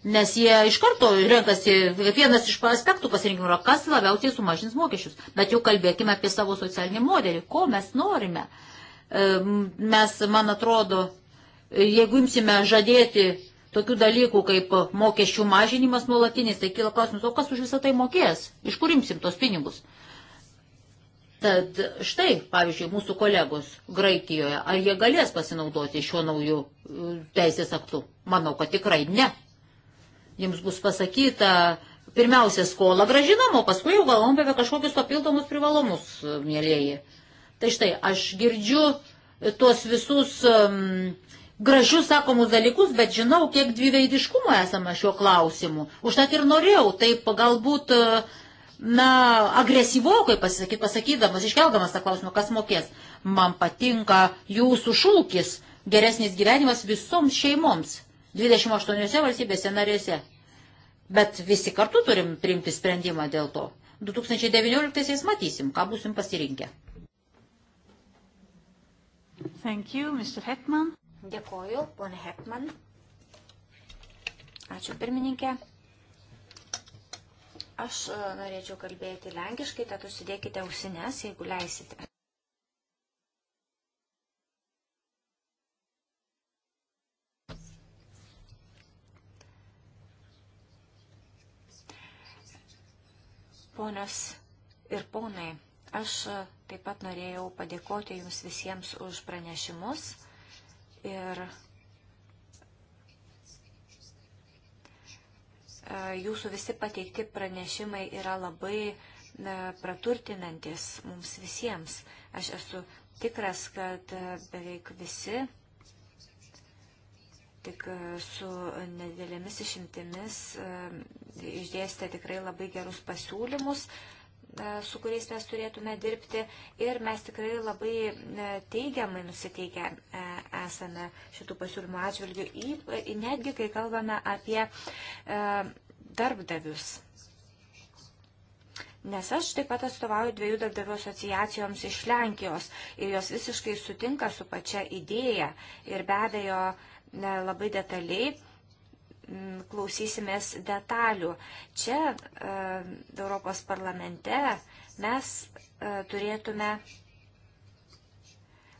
Nes jie iš karto renkasi, vienas iš aspektų pasirinkimo yra, kas labiausiai sumažins mokesčius. Bet jau kalbėkime apie savo socialinį modelį, ko mes norime. E, mes, man atrodo, jeigu imsime žadėti tokių dalykų kaip mokesčių mažinimas nuolatinis, tai kyla klausimas, o kas už visą tai mokės? Iš kur imsim tos pinigus? Tad štai, pavyzdžiui, mūsų kolegos Graikijoje, ar jie galės pasinaudoti šiuo nauju e, teisės aktu? Manau, kad tikrai ne jums bus pasakyta, pirmiausia skola gražinama, o paskui jau galvom apie kažkokius papildomus privalumus, e, mėlyjeji. Tai štai, aš girdžiu e, tuos visus um, gražius sakomus dalykus, bet žinau, kiek dviveidiškumo esame šiuo klausimu. Užtat ir norėjau taip galbūt, e, na, agresyvokai pasaky, pasakydamas, iškeldamas tą klausimą, kas mokės. Man patinka jūsų šūkis - geresnis gyvenimas visoms šeimoms 28 valstybėse narėse. Bet visi kartu turim priimti sprendimą dėl to. 2019 matysim, ką busim pasirinkę. Thank you, Mr. Hetman. Dėkoju, ponė Hetman. Ačiū pirmininkė. Aš e, norėčiau kalbėti lenkiškai, tad užsidėkite ausines, jeigu leisite. Ponios ir ponai, aš taip pat norėjau padėkoti Jums visiems už pranešimus ir e, Jūsų visi pateikti pranešimai yra labai e, praturtinantis mums visiems. Aš esu tikras, kad e, beveik visi tik e, su nedėlėmis išimtimis e, išdėstė tikrai labai gerus pasiūlymus e, su kuriais mes turėtume dirbti ir mes tikrai labai teigiamai nusiteikę esame šitų pasiūlymų atžvilgių, netgi kai kalbame apie darbdavius. Nes aš taip pat atstovauju dviejų darbdavių asociacijoms iš Lenkijos ir jos visiškai sutinka su pačia idėja ir be abejo labai detaliai mm, klausysimės detalių. Čia e, Europos parlamente mes e, turėtume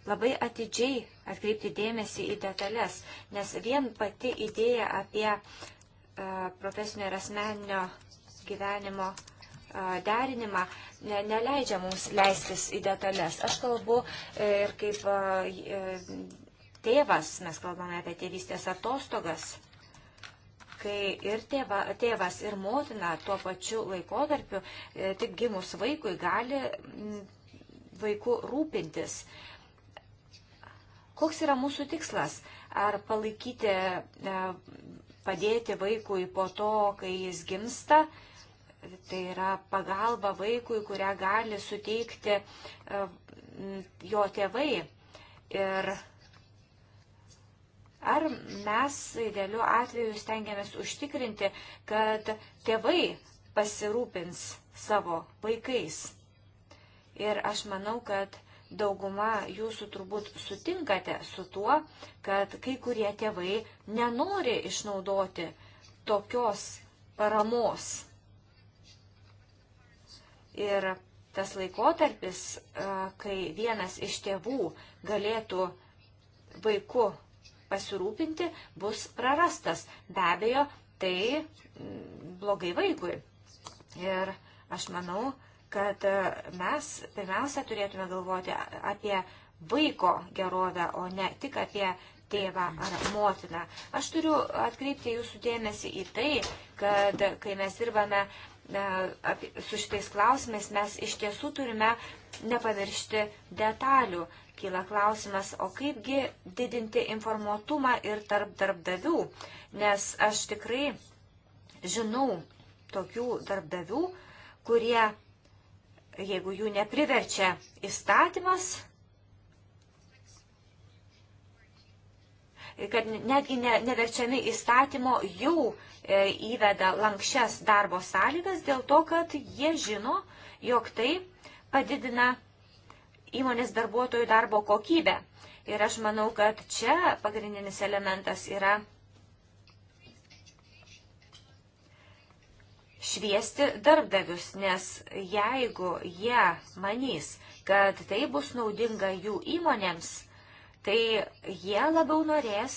labai atidžiai atkreipti dėmesį į detalės, nes vien pati idėja apie e, profesinio ir asmeninio gyvenimo derinimą ne, neleidžia mums leistis į detalės. Aš kalbu ir kaip tėvas, mes kalbame apie tėvystės atostogas, kai ir tėva, tėvas, ir motina tuo pačiu laikotarpiu, e, tik gimus vaikui, gali vaikų rūpintis. Koks yra mūsų tikslas? Ar palaikyti, e, padėti vaikui po to, kai jis gimsta? Tai yra pagalba vaikui, kurią gali suteikti e, jo tėvai. Ir Ar mes idealiu atveju stengiamės užtikrinti, kad tėvai pasirūpins savo vaikais? Ir aš manau, kad dauguma jūsų turbūt sutinkate su tuo, kad kai kurie tėvai nenori išnaudoti tokios paramos. Ir tas laikotarpis, kai vienas iš tėvų galėtų vaiku pasirūpinti, bus prarastas. Be abejo, tai blogai vaikui. Ir aš manau, kad mes pirmiausia turėtume galvoti apie vaiko gerovę, o ne tik apie tėvą ar motiną. Aš turiu atkreipti jūsų dėmesį į tai, kad kai mes dirbame e, su šitais klausimais, mes iš tiesų turime nepamiršti detalių kyla klausimas, o kaipgi didinti informuotumą ir tarp darbdavių, nes aš tikrai žinau tokių darbdavių, kurie, jeigu jų nepriverčia įstatymas, kad netgi ne, neverčiami įstatymo jau e, įveda lankščias darbo sąlygas dėl to, kad jie žino, jog tai padidina įmonės darbuotojų darbo kokybę. Ir aš manau, kad čia pagrindinis elementas yra šviesti darbdavius, nes jeigu jie manys, kad tai bus naudinga jų įmonėms, tai jie labiau norės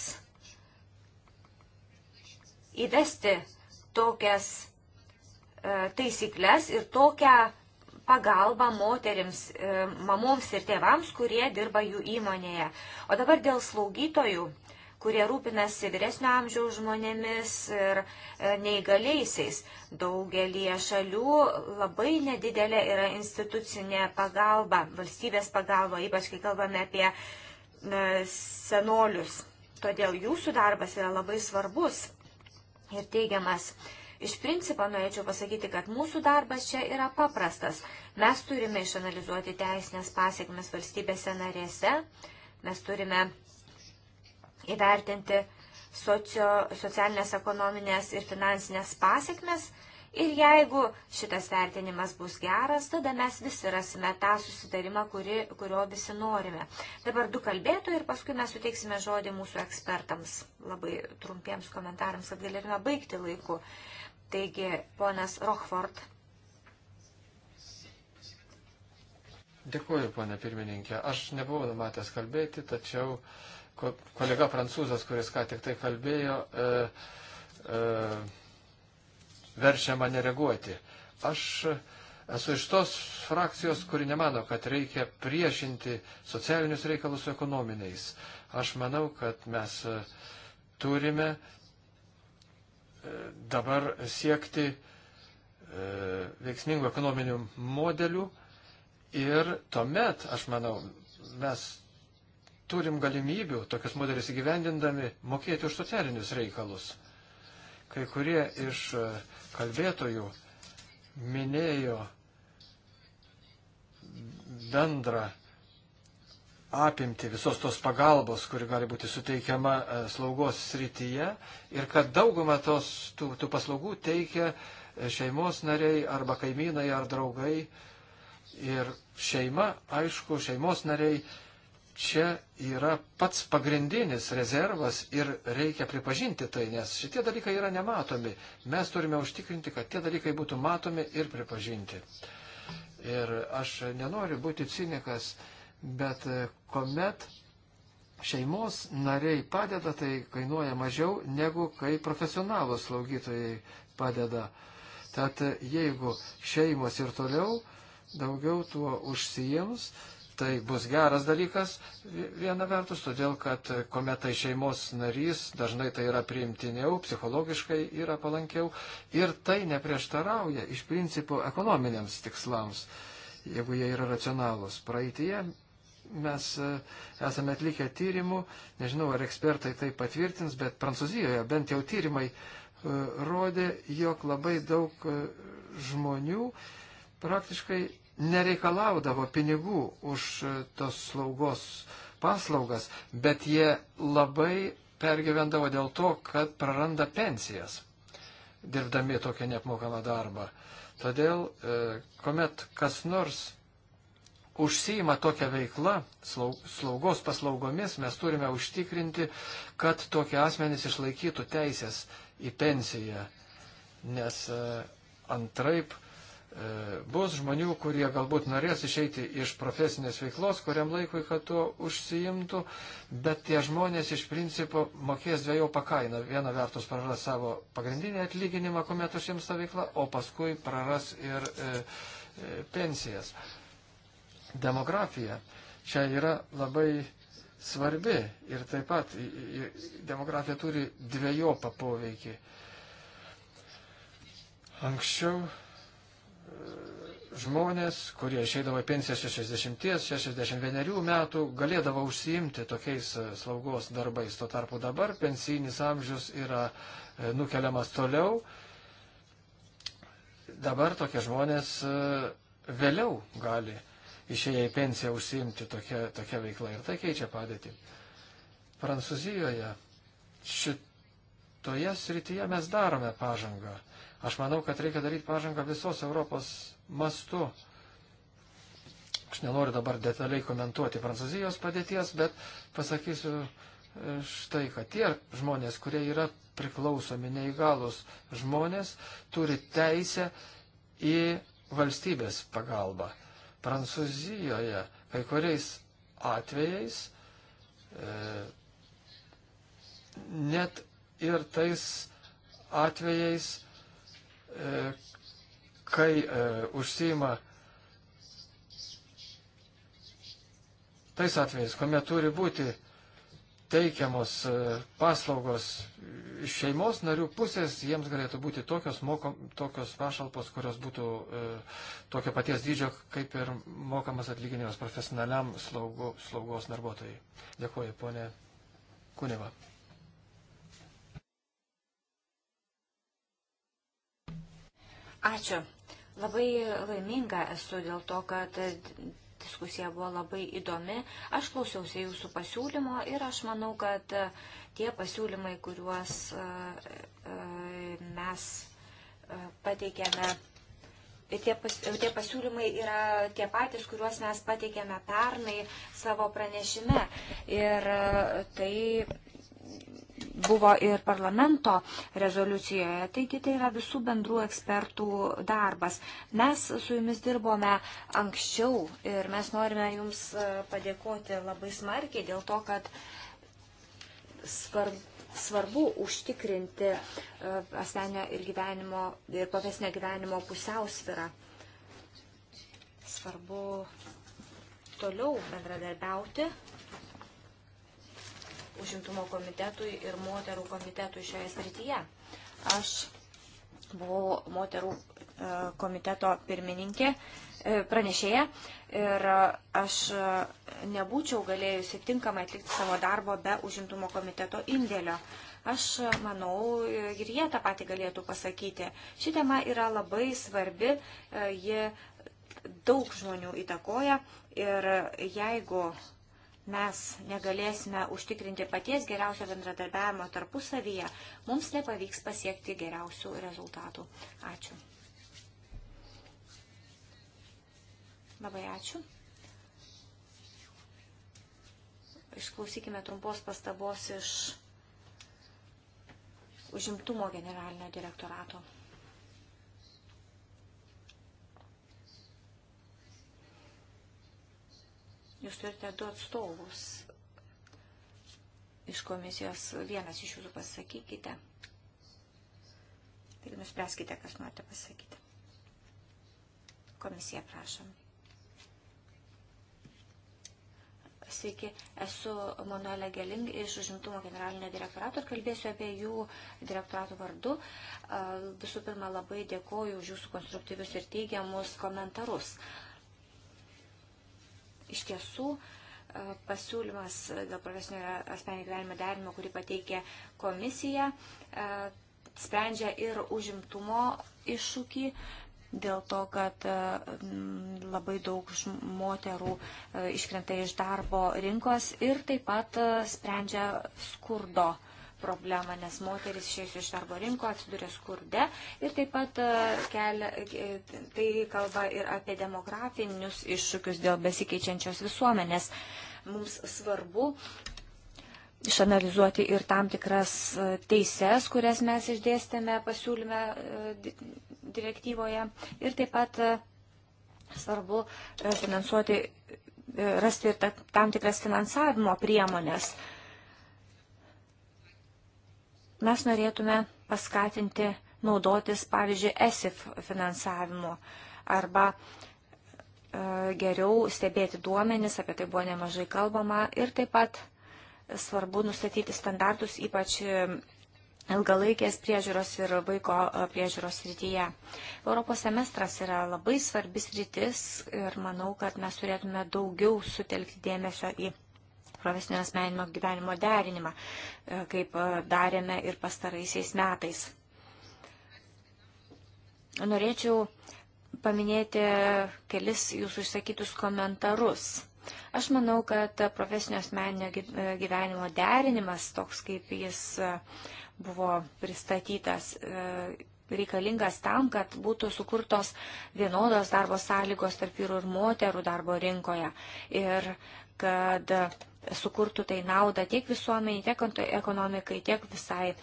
įvesti tokias e, taisyklės ir tokią pagalbą moterims, e, mamoms ir tėvams, kurie dirba jų įmonėje. O dabar dėl slaugytojų kurie rūpinasi vyresnio amžiaus žmonėmis ir e, neįgaliaisiais. Daugelie šalių labai nedidelė yra institucinė pagalba, valstybės pagalba, ypač kai kalbame apie e, senolius. Todėl jūsų darbas yra labai svarbus ir teigiamas. Iš principo norėčiau pasakyti, kad mūsų darbas čia yra paprastas. Mes turime išanalizuoti teisinės pasiekmes valstybėse narėse, mes turime įvertinti socio, socialinės, ekonominės ir finansinės pasiekmes. Ir jeigu šitas vertinimas bus geras, tada mes visi rasime tą susitarimą, kuri, kurio visi norime. Dabar du kalbėtojai ir paskui mes suteiksime žodį mūsų ekspertams, labai trumpiems komentarams, kad galėtume baigti laiku. Uh, Taigi, ponas Rochford. Dėkuoju, ponė pirmininkė. Aš nebuvau numatęs kalbėti, tačiau kolega prancūzas, kuris ką tik tai kalbėjo, e, e, verčia mane reaguoti. Aš esu iš tos frakcijos, kuri nemano, kad reikia priešinti socialinius reikalus su ekonominiais. Aš manau, kad mes e, turime dabar siekti e, veiksmingų ekonominių modelių ir tuomet, aš manau, mes turim galimybių tokius modelius įgyvendindami mokėti už socialinius reikalus. Kai kurie iš e, kalbėtojų minėjo bendrą apimti visos tos pagalbos, kuri gali būti suteikiama e, slaugos srityje ir kad daugumą tos, tų, tų paslaugų teikia e, šeimos nariai arba kaimynai ar draugai. Ir šeima, aišku, šeimos nariai čia yra pats pagrindinis rezervas ir reikia pripažinti tai, nes šitie dalykai yra nematomi. Mes turime užtikrinti, kad tie dalykai būtų matomi ir pripažinti. Ir aš nenoriu būti cinikas bet e, kuomet šeimos nariai padeda, tai kainuoja mažiau negu kai profesionalus slaugytojai padeda. Tad e, jeigu šeimos ir toliau daugiau tuo užsijams, tai bus geras dalykas viena vertus, todėl kad e, kuomet tai šeimos narys, dažnai tai yra priimtiniau, psichologiškai yra palankiau ir tai neprieštarauja iš principo ekonominiams tikslams, jeigu jie yra racionalūs. Praeitie Mes e, esame atlikę tyrimų, nežinau ar ekspertai tai patvirtins, bet Prancūzijoje bent jau tyrimai e, rodė, jog labai daug e, žmonių praktiškai nereikalaudavo pinigų už tos slaugos paslaugas, bet jie labai pergyvendavo dėl to, kad praranda pensijas, dirbdami tokią neapmokamą darbą. Todėl, kuomet kas nors užsijima tokią veiklą, slaugos paslaugomis, mes turime užtikrinti, kad tokie asmenys išlaikytų teisės į pensiją. Nes e, antraip e, bus žmonių, kurie galbūt norės išeiti iš profesinės veiklos, kuriam laikui, kad tuo užsiimtų, bet tie žmonės iš principo mokės dviejopą kainą. Viena vertus praras savo pagrindinį atlyginimą, kuomet užims tą veiklą, o paskui praras ir e, e, pensijas. E, demografija čia yra labai svarbi ir taip pat demografija turi dviejopą poveikį. Anksčiau e, žmonės, kurie išeidavo į pensiją 60-61 metų, galėdavo užsiimti tokiais e, slaugos darbais. Tuo tarpu dabar pensijinis amžius yra e, nukeliamas toliau. Dabar tokie žmonės vėliau gali išėję į pensiją užsiimti tokia, tokia veikla ir tai keičia padėtį. Prancūzijoje šitoje srityje mes darome pažangą. Aš manau, kad reikia daryti pažangą visos Europos mastu. Aš nenoriu dabar detaliai komentuoti Prancūzijos padėties, bet pasakysiu e, štai, kad tie žmonės, kurie yra priklausomi neįgalus žmonės, turi teisę į valstybės pagalbą. Prancūzijoje kai kuriais atvejais e, net ir tais atvejais, e, kai e, užsima tais atvejais, kuomet turi būti teikiamos e, paslaugos iš šeimos narių pusės, jiems galėtų būti tokios, mokom, tokios pašalpos, kurios būtų e, tokio paties dydžio, kaip ir mokamas atlyginimas profesionaliam slaugo, slaugos darbuotojai. Dėkuoju, ponė Kuneva. Ačiū. Labai laiminga esu dėl to, kad Diskusija buvo labai įdomi. Aš klausiausi jūsų pasiūlymo ir aš manau, kad e, tie pasiūlymai, kuriuos e, e, mes pateikėme, tie, pas, tie pasiūlymai yra tie patys, kuriuos mes pateikėme pernai savo pranešime. Ir tai buvo ir parlamento rezoliucijoje, taigi tai yra visų bendrų ekspertų darbas. Mes su jumis dirbome anksčiau ir mes norime jums e, padėkoti labai smarkiai dėl to, kad svarbu svarbu užtikrinti e, asmenio ir gyvenimo ir profesinio gyvenimo pusiausvyrą. Svarbu toliau bendradarbiauti užimtumo komitetui ir moterų komitetui šioje srityje. Aš buvau moterų e, komiteto pirmininkė, e, pranešėja ir aš nebūčiau galėjusi tinkamai atlikti savo darbo be užimtumo komiteto indėlio. Aš manau, ir jie tą patį galėtų pasakyti. Ši tema yra labai svarbi, e, ji daug žmonių įtakoja ir jeigu mes negalėsime užtikrinti paties geriausio bendradarbiavimo tarpusavyje, mums nepavyks pasiekti geriausių rezultatų. Ačiū. Labai ačiū. Išklausykime trumpos pastabos iš užimtumo generalinio direktorato. Jūs turite du atstovus iš komisijos. Vienas iš jūsų pasakykite. Taigi nuspręskite, kas norite pasakyti. Komisija, prašom. Sveiki, esu Manuelė Geling iš užimtumo generalinio direktorato ir kalbėsiu apie jų direktorato vardu. Visų pirma, labai dėkoju už jūsų konstruktyvius ir teigiamus komentarus. Uh, Iš tiesų, e, pasiūlymas dėl profesinio asmeninio gyvenimo derinimo, kurį pateikė komisija, e, sprendžia ir užimtumo iššūkį dėl to, kad e, labai daug moterų iškrenta iš darbo rinkos ir taip pat sprendžia skurdo problemą, nes moteris išėjus iš darbo rinko atsiduria skurde ir taip pat e, kelia, e, tai kalba ir apie demografinius iššūkius dėl besikeičiančios visuomenės. Mums svarbu išanalizuoti ir tam tikras e, teises, kurias mes išdėstėme pasiūlyme direktyvoje ir taip pat svarbu finansuoti rasti ir tam tikras finansavimo priemonės Mes norėtume paskatinti naudotis, pavyzdžiui, ESIF finansavimu arba e, geriau stebėti duomenis, apie tai buvo nemažai kalbama ir taip pat svarbu nustatyti standartus, ypač e, ilgalaikės priežiūros ir vaiko e, priežiūros srityje. Europos semestras yra labai svarbis rytis ir manau, kad mes turėtume daugiau sutelkti dėmesio į profesinio asmeninio gyvenimo derinimą, e, kaip e, darėme ir pastaraisiais metais. Norėčiau paminėti kelis jūsų išsakytus komentarus. Aš manau, kad profesinio asmeninio e, gyvenimo derinimas, toks kaip jis buvo pristatytas, reikalingas tam, kad būtų sukurtos vienodos darbo sąlygos tarp vyrų ir moterų darbo rinkoje ir kad sukurtų tai naudą tiek visuomeniai, tiek ekonomikai, tiek visai,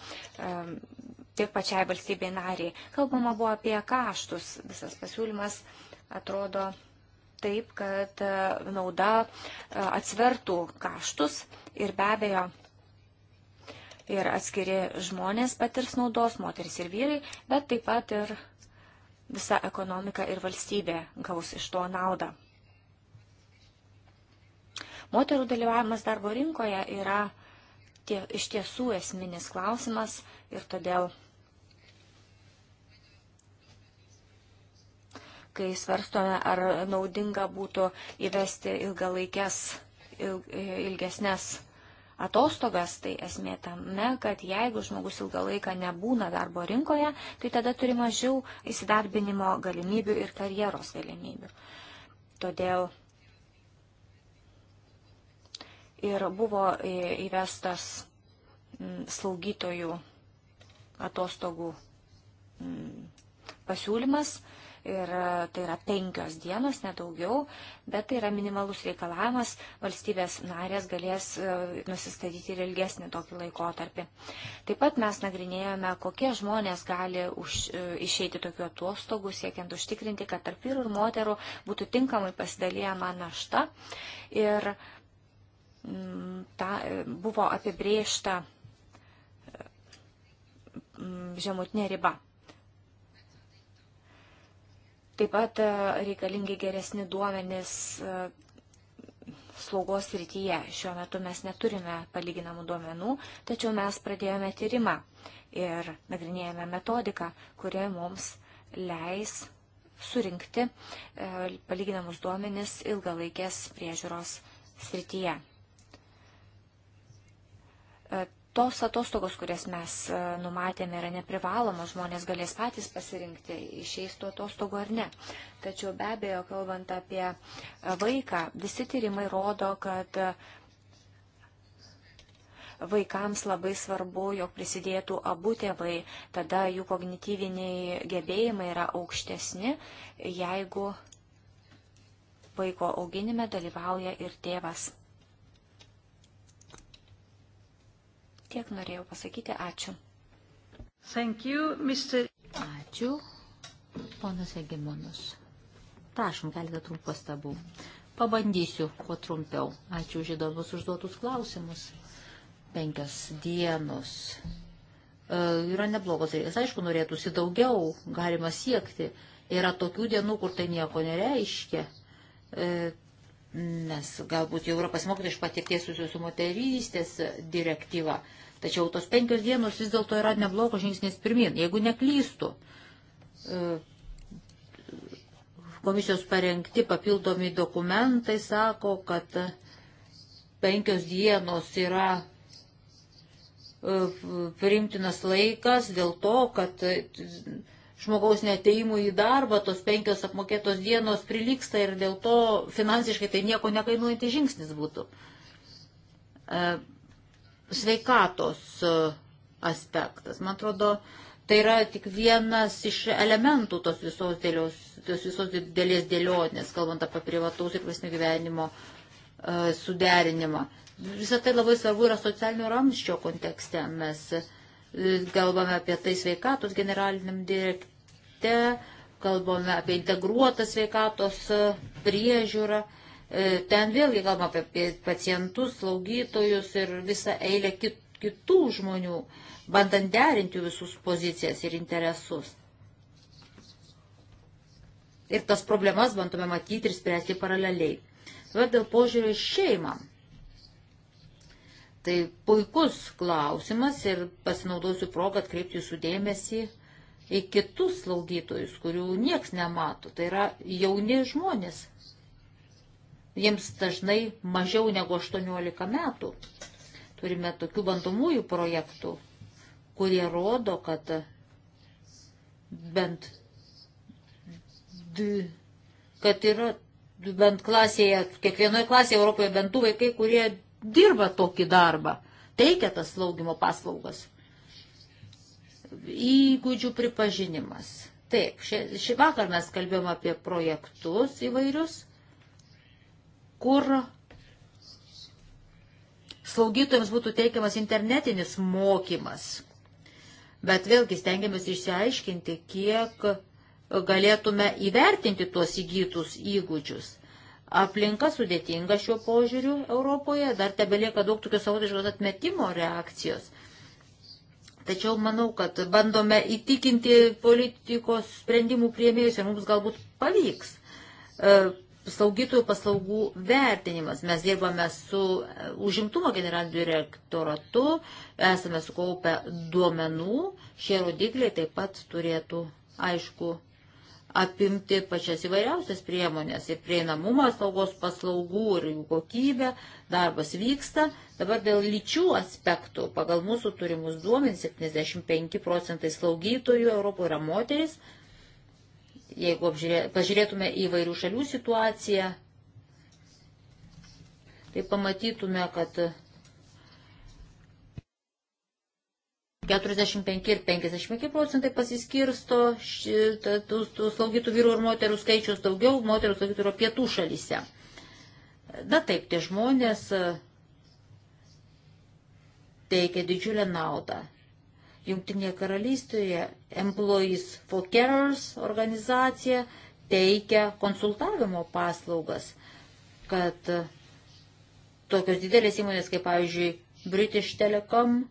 tiek pačiai valstybei nariai. Kalbama buvo apie kaštus. Visas pasiūlymas atrodo taip, kad e, nauda e, atsvertų kaštus ir be abejo ir atskiri žmonės patirs naudos, moteris ir vyrai, bet taip pat ir visa ekonomika ir valstybė gaus iš to naudą. Moterų dalyvavimas darbo rinkoje yra tie, iš tiesų esminis klausimas ir todėl, kai svarstome, ar naudinga būtų įvesti ilgalaikės, il, ilgesnės atostogas, tai esmė tame, kad jeigu žmogus ilgą laiką nebūna darbo rinkoje, tai tada turi mažiau įsidarbinimo galimybių ir karjeros galimybių. Todėl ir buvo e, įvestas slaugytojų atostogų pasiūlymas ir e, tai yra penkios dienos, nedaugiau, bet tai yra minimalus reikalavimas, valstybės narės galės e, nusistatyti ir ilgesnį tokį laikotarpį. Taip pat mes nagrinėjome, kokie žmonės gali už, išeiti tokiu atostogu, siekiant užtikrinti, kad tarp vyrų ir moterų būtų tinkamai pasidalyjama našta ir ta, buvo apibriešta mm, žemutinė riba. Taip pat e, reikalingi geresni duomenys e, slaugos rytyje. Šiuo metu mes neturime palyginamų duomenų, tačiau mes pradėjome tyrimą ir nagrinėjame metodiką, kurie mums leis surinkti e, palyginamus duomenis ilgalaikės priežiūros srityje. E, tos atostogos, kurias mes e, numatėme, yra neprivalomos, žmonės galės patys pasirinkti, išeis tų atostogų ar ne. Tačiau be abejo, kalbant apie e, vaiką, visi tyrimai rodo, kad vaikams labai svarbu, jog prisidėtų abu tėvai, tada jų kognityviniai gebėjimai yra aukštesni, jeigu vaiko auginime dalyvauja ir tėvas. Tiek norėjau pasakyti. Ačiū. Thank you, Mr. Ačiū, ponas Egimonus. Prašom, keletą trumpų pastabų. Pabandysiu kuo trumpiau. Ačiū už įdomus užduotus klausimus. Penkios dienos e, yra neblogos dalykas. Aišku, norėtųsi daugiau, galima siekti. Yra tokių dienų, kur tai nieko nereiškia. E, nes galbūt jau yra pasimokyti iš patirties susijusių moterystės direktyva. Tačiau tos penkios dienos vis dėlto yra neblogos žingsnis pirmin. Jeigu neklystų, e, komisijos parengti papildomi dokumentai sako, kad penkios dienos yra e, priimtinas laikas dėl to, kad žmogaus neteimų į darbą, tos penkios apmokėtos dienos priliksta ir dėl to finansiškai tai nieko nekainuojantis žingsnis būtų. E, sveikatos e, aspektas, man atrodo, tai yra tik vienas iš elementų tos visos, dėlios, tos visos dėlės dėlionės, kalbant apie privataus ir prasme gyvenimo e, suderinimą. Visą tai labai svarbu yra socialinio ramščio kontekste. Mes kalbame apie tai sveikatos generaliniam direkt, komitete, kalbame apie integruotą sveikatos priežiūrą. E, ten vėlgi kalbame apie pacientus, slaugytojus ir visą eilę kitų žmonių, bandant derinti visus pozicijas ir interesus. Ir tas problemas bandome matyti ir spręsti paraleliai. Dabar dėl požiūrio į šeimą. Tai puikus klausimas ir pasinaudosiu progą atkreipti jūsų dėmesį į kitus slaugytojus, kurių nieks nemato. Tai yra jauni žmonės. Jiems dažnai mažiau negu 18 metų. Turime tokių bandomųjų projektų, kurie rodo, kad bent, kad yra bent klasėje, kiekvienoje klasėje Europoje bent du vaikai, kurie dirba tokį darbą, teikia tas slaugimo paslaugas įgūdžių pripažinimas. Taip, šį, šį vakar mes kalbėjom apie projektus įvairius, kur slaugytojams būtų teikiamas internetinis mokymas. Bet vėlgi stengiamės išsiaiškinti, kiek galėtume įvertinti tuos įgytus įgūdžius. Aplinka sudėtinga šiuo požiūriu Europoje, dar tebelieka daug tokios savotiškos atmetimo reakcijos. Tačiau manau, kad bandome įtikinti politikos sprendimų prieimėjus ir mums galbūt pavyks. E, slaugytojų paslaugų vertinimas. Mes dirbame su e, užimtumo generaliniu direktoratu, esame sukaupę duomenų, šie rodikliai taip pat turėtų, aišku, apimti pačias įvairiausias priemonės ir prieinamumą saugos paslaugų ir jų kokybę, darbas vyksta. Dabar dėl lyčių aspektų, pagal mūsų turimus duomenys, 75 procentai slaugytojų Europoje yra moteris. Jeigu apžiūrė, pažiūrėtume į vairių šalių situaciją, tai pamatytume, kad 45 ir 55 procentai pasiskirsto tų slaugytų vyrų ir moterų skaičius daugiau, moterų slaugytų yra pietų šalyse. Na taip, tie žmonės e, teikia didžiulę naudą. Jungtinėje karalystėje Employees for Carers organizacija teikia konsultavimo paslaugas, kad e, tokios didelės įmonės kaip, pavyzdžiui, British Telecom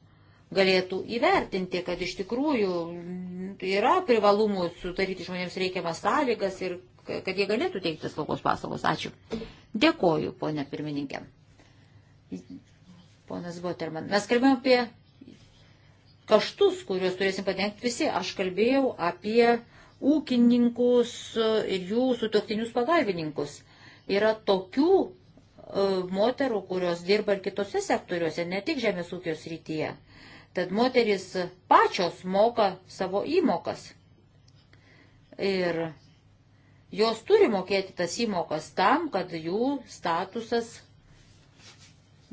galėtų įvertinti, kad iš tikrųjų yra privalumų sudaryti žmonėms reikiamas sąlygas ir kad jie galėtų teikti slaugos paslaugos. Ačiū. Dėkoju, ponė pirmininkė. Ponas Boterman, mes kalbėjome apie kaštus, kuriuos turėsim padengti visi. Aš kalbėjau apie ūkininkus ir jų sutoktinius pagalbininkus. Yra tokių e, moterų, kurios dirba ir kitose sektoriuose, ne tik žemės ūkio srityje. Tad moteris pačios moka savo įmokas. Ir jos turi mokėti tas įmokas tam, kad jų statusas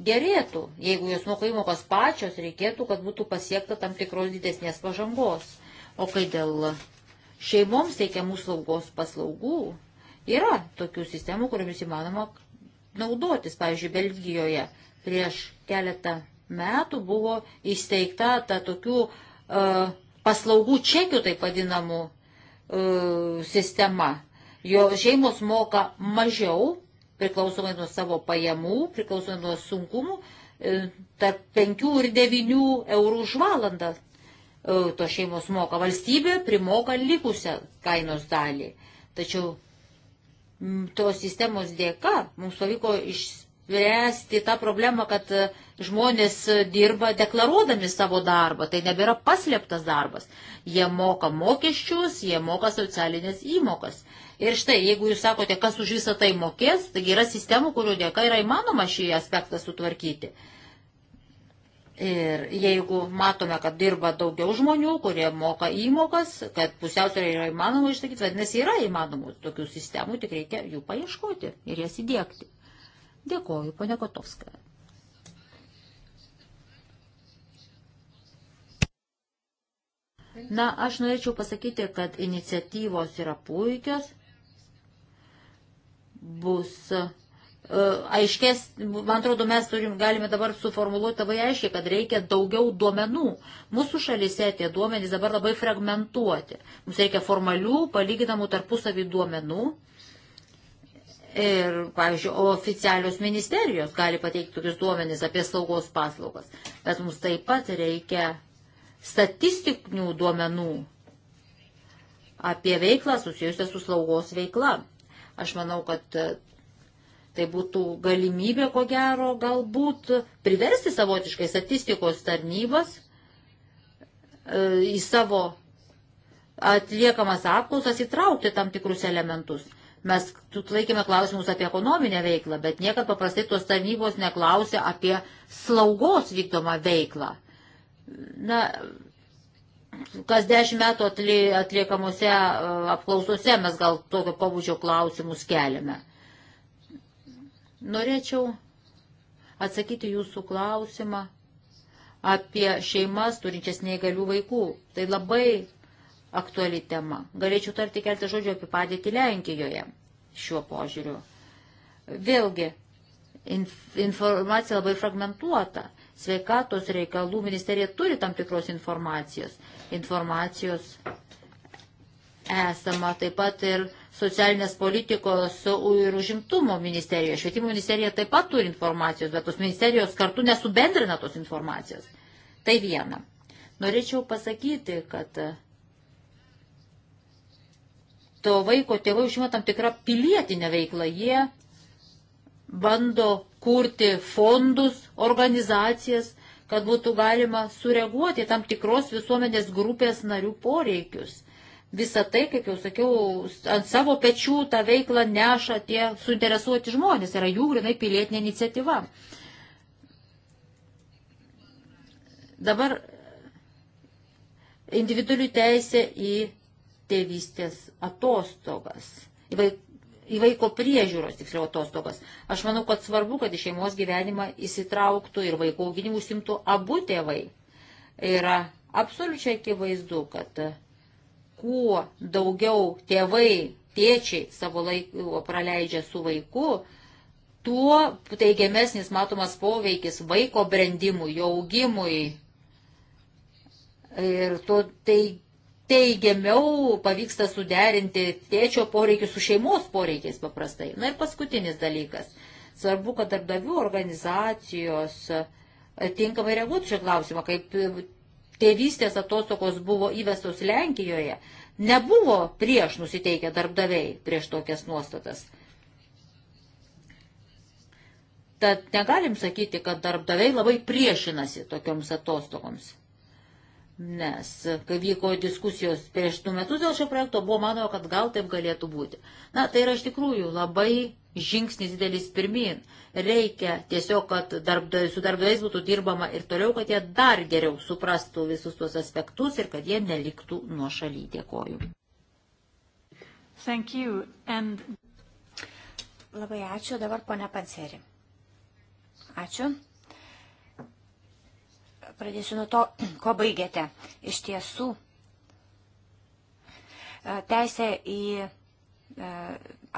gerėtų. Jeigu jos moka įmokas pačios, reikėtų, kad būtų pasiekta tam tikros didesnės pažangos. O kai dėl šeimoms teikiamų slaugos paslaugų, yra tokių sistemų, kuriomis įmanoma naudotis. Pavyzdžiui, Belgijoje prieš keletą metų buvo įsteigta ta tokių uh, paslaugų čekių, taip vadinamų, uh, sistema. Jo šeimos moka mažiau, priklausomai nuo savo pajamų, priklausomai nuo sunkumų, uh, tarp 5 ir 9 eurų už valandą to šeimos moka. Valstybė primoka likusią kainos dalį. Tačiau tos sistemos dėka mums pavyko iš, spręsti tą problemą, kad e, žmonės e, dirba deklaruodami savo darbą, tai nebėra paslėptas darbas. Jie moka mokesčius, jie moka socialinės įmokas. Ir štai, jeigu jūs sakote, kas už visą tai mokės, taigi yra sistemų, kurių dėka yra įmanoma šį aspektą sutvarkyti. Ir jeigu matome, kad dirba daugiau žmonių, kurie moka įmokas, kad pusiausvėra yra įmanoma išsakyti, vadinasi, yra įmanomų tokių sistemų, tik reikia jų paieškoti ir jas įdėkti. Dėkoju, ponia Kotovska. Na, aš norėčiau pasakyti, kad iniciatyvos yra puikios, bus e, aiškės, man atrodo, mes turim, galime dabar suformuluoti labai aiškiai, kad reikia daugiau duomenų. Mūsų šalise tie duomenys dabar labai fragmentuoti. Mums reikia formalių, palyginamų tarpusavį duomenų, Ir, pavyzdžiui, oficialios ministerijos gali pateikti tokius duomenys apie saugos paslaugas. Bet mums taip pat reikia statistinių duomenų apie veiklą susijusią su slaugos veikla. Aš manau, kad e, tai būtų galimybė, ko gero, galbūt priversti savotiškai statistikos tarnybas e, į savo atliekamas apklausas įtraukti tam tikrus elementus. Mes laikėme klausimus apie ekonominę veiklą, bet niekad paprastai tos tarnybos neklausė apie slaugos vykdomą veiklą. Na, kas dešimt metų atliekamuose e, apklausose mes gal tokio pabudžio klausimus keliame. Norėčiau atsakyti jūsų klausimą apie šeimas turinčias neįgalių vaikų. Tai labai aktuali tema. Galėčiau tarti keltą žodžių apie padėtį Lenkijoje šiuo požiūriu. Vėlgi, informacija labai fragmentuota. Sveikatos reikalų ministerija turi tam tikros informacijos. Informacijos esama taip pat ir socialinės politikos ir užimtumo ministerija. Švietimo ministerija taip pat turi informacijos, bet tos ministerijos kartu nesubendrina tos informacijos. Tai viena. Norėčiau pasakyti, kad to vaiko tėvai užima tam tikrą pilietinę veiklą. Jie bando kurti fondus, organizacijas, kad būtų galima sureaguoti tam tikros visuomenės grupės narių poreikius. Visą tai, kaip jau sakiau, ant savo pečių tą veiklą neša tie suinteresuoti žmonės, yra jų grinai pilietinė iniciatyva. Dabar individualių teisė į tėvystės atostogas, į vaiko priežiūros, tiksliau, atostogas. Aš manau, kad svarbu, kad į šeimos gyvenimą įsitrauktų ir vaiko auginimų simtų abu tėvai. Yra absoliučiai akivaizdu, kad kuo daugiau tėvai, tėčiai savo laiko praleidžia su vaiku, tuo teigiamesnis matomas poveikis vaiko brandimui, jo augimui. Ir to tai teigiamiau pavyksta suderinti tėčio poreikius su šeimos poreikiais paprastai. Na ir paskutinis dalykas. Svarbu, kad darbdavių organizacijos e, tinkamai reaguotų šią klausimą, kaip e, tėvystės atostokos buvo įvestos Lenkijoje. Nebuvo prieš nusiteikę darbdaviai prieš tokias nuostatas. Tad negalim sakyti, kad darbdaviai labai priešinasi tokioms atostokoms. Nes, kai vyko diskusijos prieš du metus dėl šio projekto, buvo manoma, kad gal taip galėtų būti. Na, tai yra iš tikrųjų labai žingsnis didelis pirmin. Reikia tiesiog, kad darbdavė, su darbdaviais būtų dirbama ir toliau, kad jie dar geriau suprastų visus tuos aspektus ir kad jie neliktų nuo šaly. Dėkoju. Thank you. And... Labai ačiū. Dabar ponia Panseri. Ačiū. Pradėsiu nuo to, <clears throat> ko baigėte. Iš tiesų, e, teisė į e,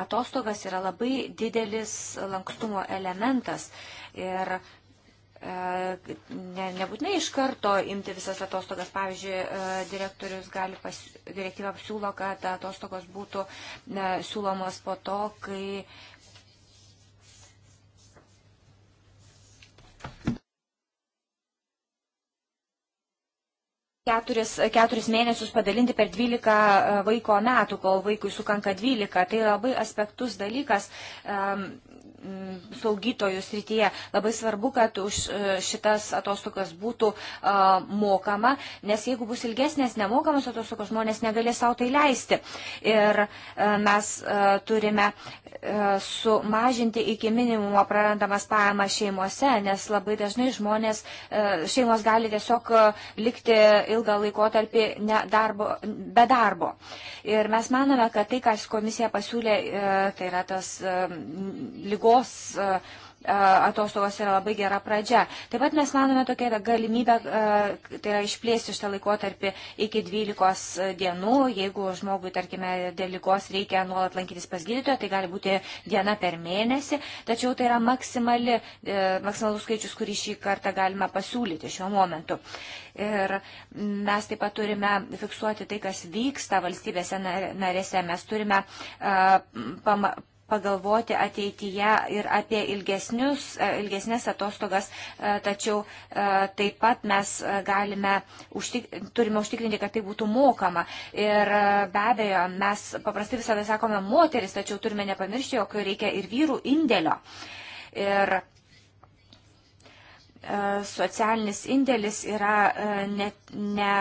atostogas yra labai didelis lankstumo elementas. Ir e, ne, nebūtinai iš karto imti visas atostogas. Pavyzdžiui, direktorius gali pas, direktyvą siūlo, kad atostogos būtų ne, siūlomos po to, kai. keturis, keturis mėnesius padalinti per 12 e, vaiko metų, kol vaikui sukanka 12. Tai labai aspektus dalykas. Um, Mm, slaugytojų srityje. Labai svarbu, kad už e, šitas atostogas būtų a, mokama, nes jeigu bus ilgesnės nemokamos atostogos, žmonės negalės savo tai leisti. Ir a, e, mes a, e, turime sumažinti iki minimumo prarandamas pajamas šeimose, nes labai dažnai žmonės, šeimos gali tiesiog likti ilgą laikotarpį darbo, be darbo. Ir mes manome, kad tai, ką komisija pasiūlė, tai yra tas lygo globos e, e, atostogos yra labai gera pradžia. Taip pat mes manome tokia galimybė, e, tai yra išplėsti šitą laikotarpį iki 12 dienų, jeigu žmogui, tarkime, dėl lygos reikia nuolat lankytis pas gydytoją, tai gali būti diena per mėnesį, tačiau tai yra maksimali, maksimalus skaičius, kurį šį kartą galime pasiūlyti šiuo momentu. Ir mes taip pat turime fiksuoti tai, kas vyksta valstybėse narėse. Mes turime uh, pagalvoti ateityje ir apie ilgesnius, e, ilgesnės atostogas, e, tačiau e, taip pat mes galime, užtik, turime užtikrinti, kad tai būtų mokama. Ir be abejo, mes paprastai visada sakome moteris, tačiau turime nepamiršti, jog reikia ir vyrų indėlio. Ir E, socialinis indėlis yra e, ne, ne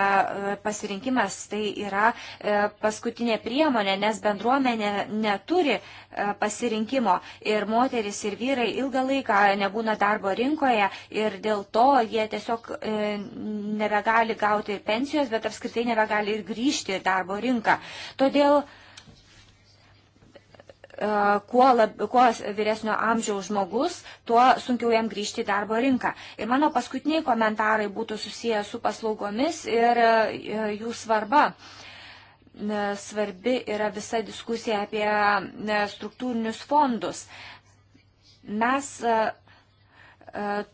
pasirinkimas, tai yra e, paskutinė priemonė, nes bendruomenė neturi pasirinkimo ir moteris ir vyrai ilgą laiką nebūna darbo rinkoje ir dėl to jie tiesiog nebegali gauti ir pensijos, bet apskritai nebegali ir grįžti į darbo rinką. Todėl E, kuo, lab, kuo vyresnio amžiaus žmogus, tuo sunkiau jam grįžti į darbo rinką. Ir mano paskutiniai komentarai būtų susiję su paslaugomis ir e, jų svarba. E, svarbi yra visa diskusija apie struktūrinius fondus. Mes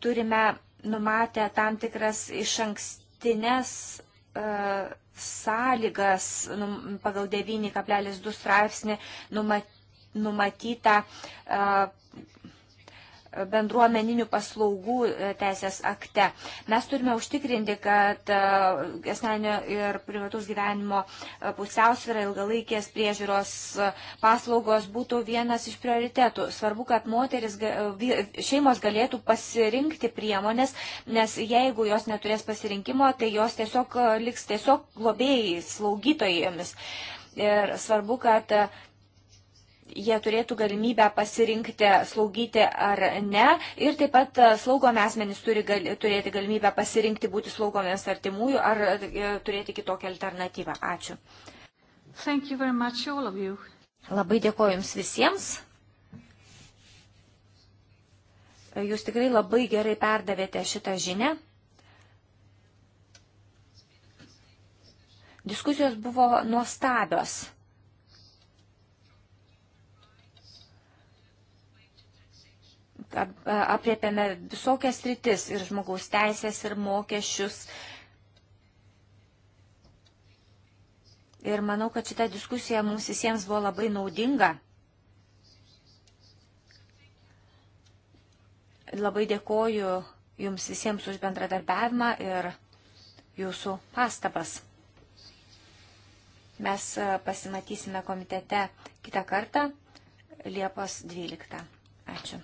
turime numatę tam tikras iš ankstinės sąlygas pagal 9,2 straipsnį numat, numatyta bendruomeninių paslaugų e, teisės akte. Mes turime užtikrinti, kad asmeninio ir privatus gyvenimo pusiausvėra ilgalaikės priežiūros paslaugos būtų vienas iš prioritetų. Svarbu, kad moteris, šeimos galėtų pasirinkti priemonės, nes jeigu jos neturės pasirinkimo, tai jos tiesiog liks tiesiog globėjai, slaugytojėmis. Ir svarbu, kad jie turėtų galimybę pasirinkti slaugyti ar ne. Ir taip pat e, slaugomi asmenys turi gal, turėti galimybę pasirinkti būti slaugomės artimųjų ar e, turėti kitokią alternatyvą. Ačiū. Much, Labai dėkoju Jums visiems. Jūs tikrai labai gerai perdavėte šitą žinę. Diskusijos buvo nuostabios. apriepėme visokias rytis ir žmogaus teisės, ir mokesčius. Ir manau, kad šita diskusija mums visiems buvo labai naudinga. Labai dėkoju Jums visiems už bendradarbiavimą ir Jūsų pastabas. Mes e, pasimatysime komitete kitą kartą, Liepos 12. Ačiū.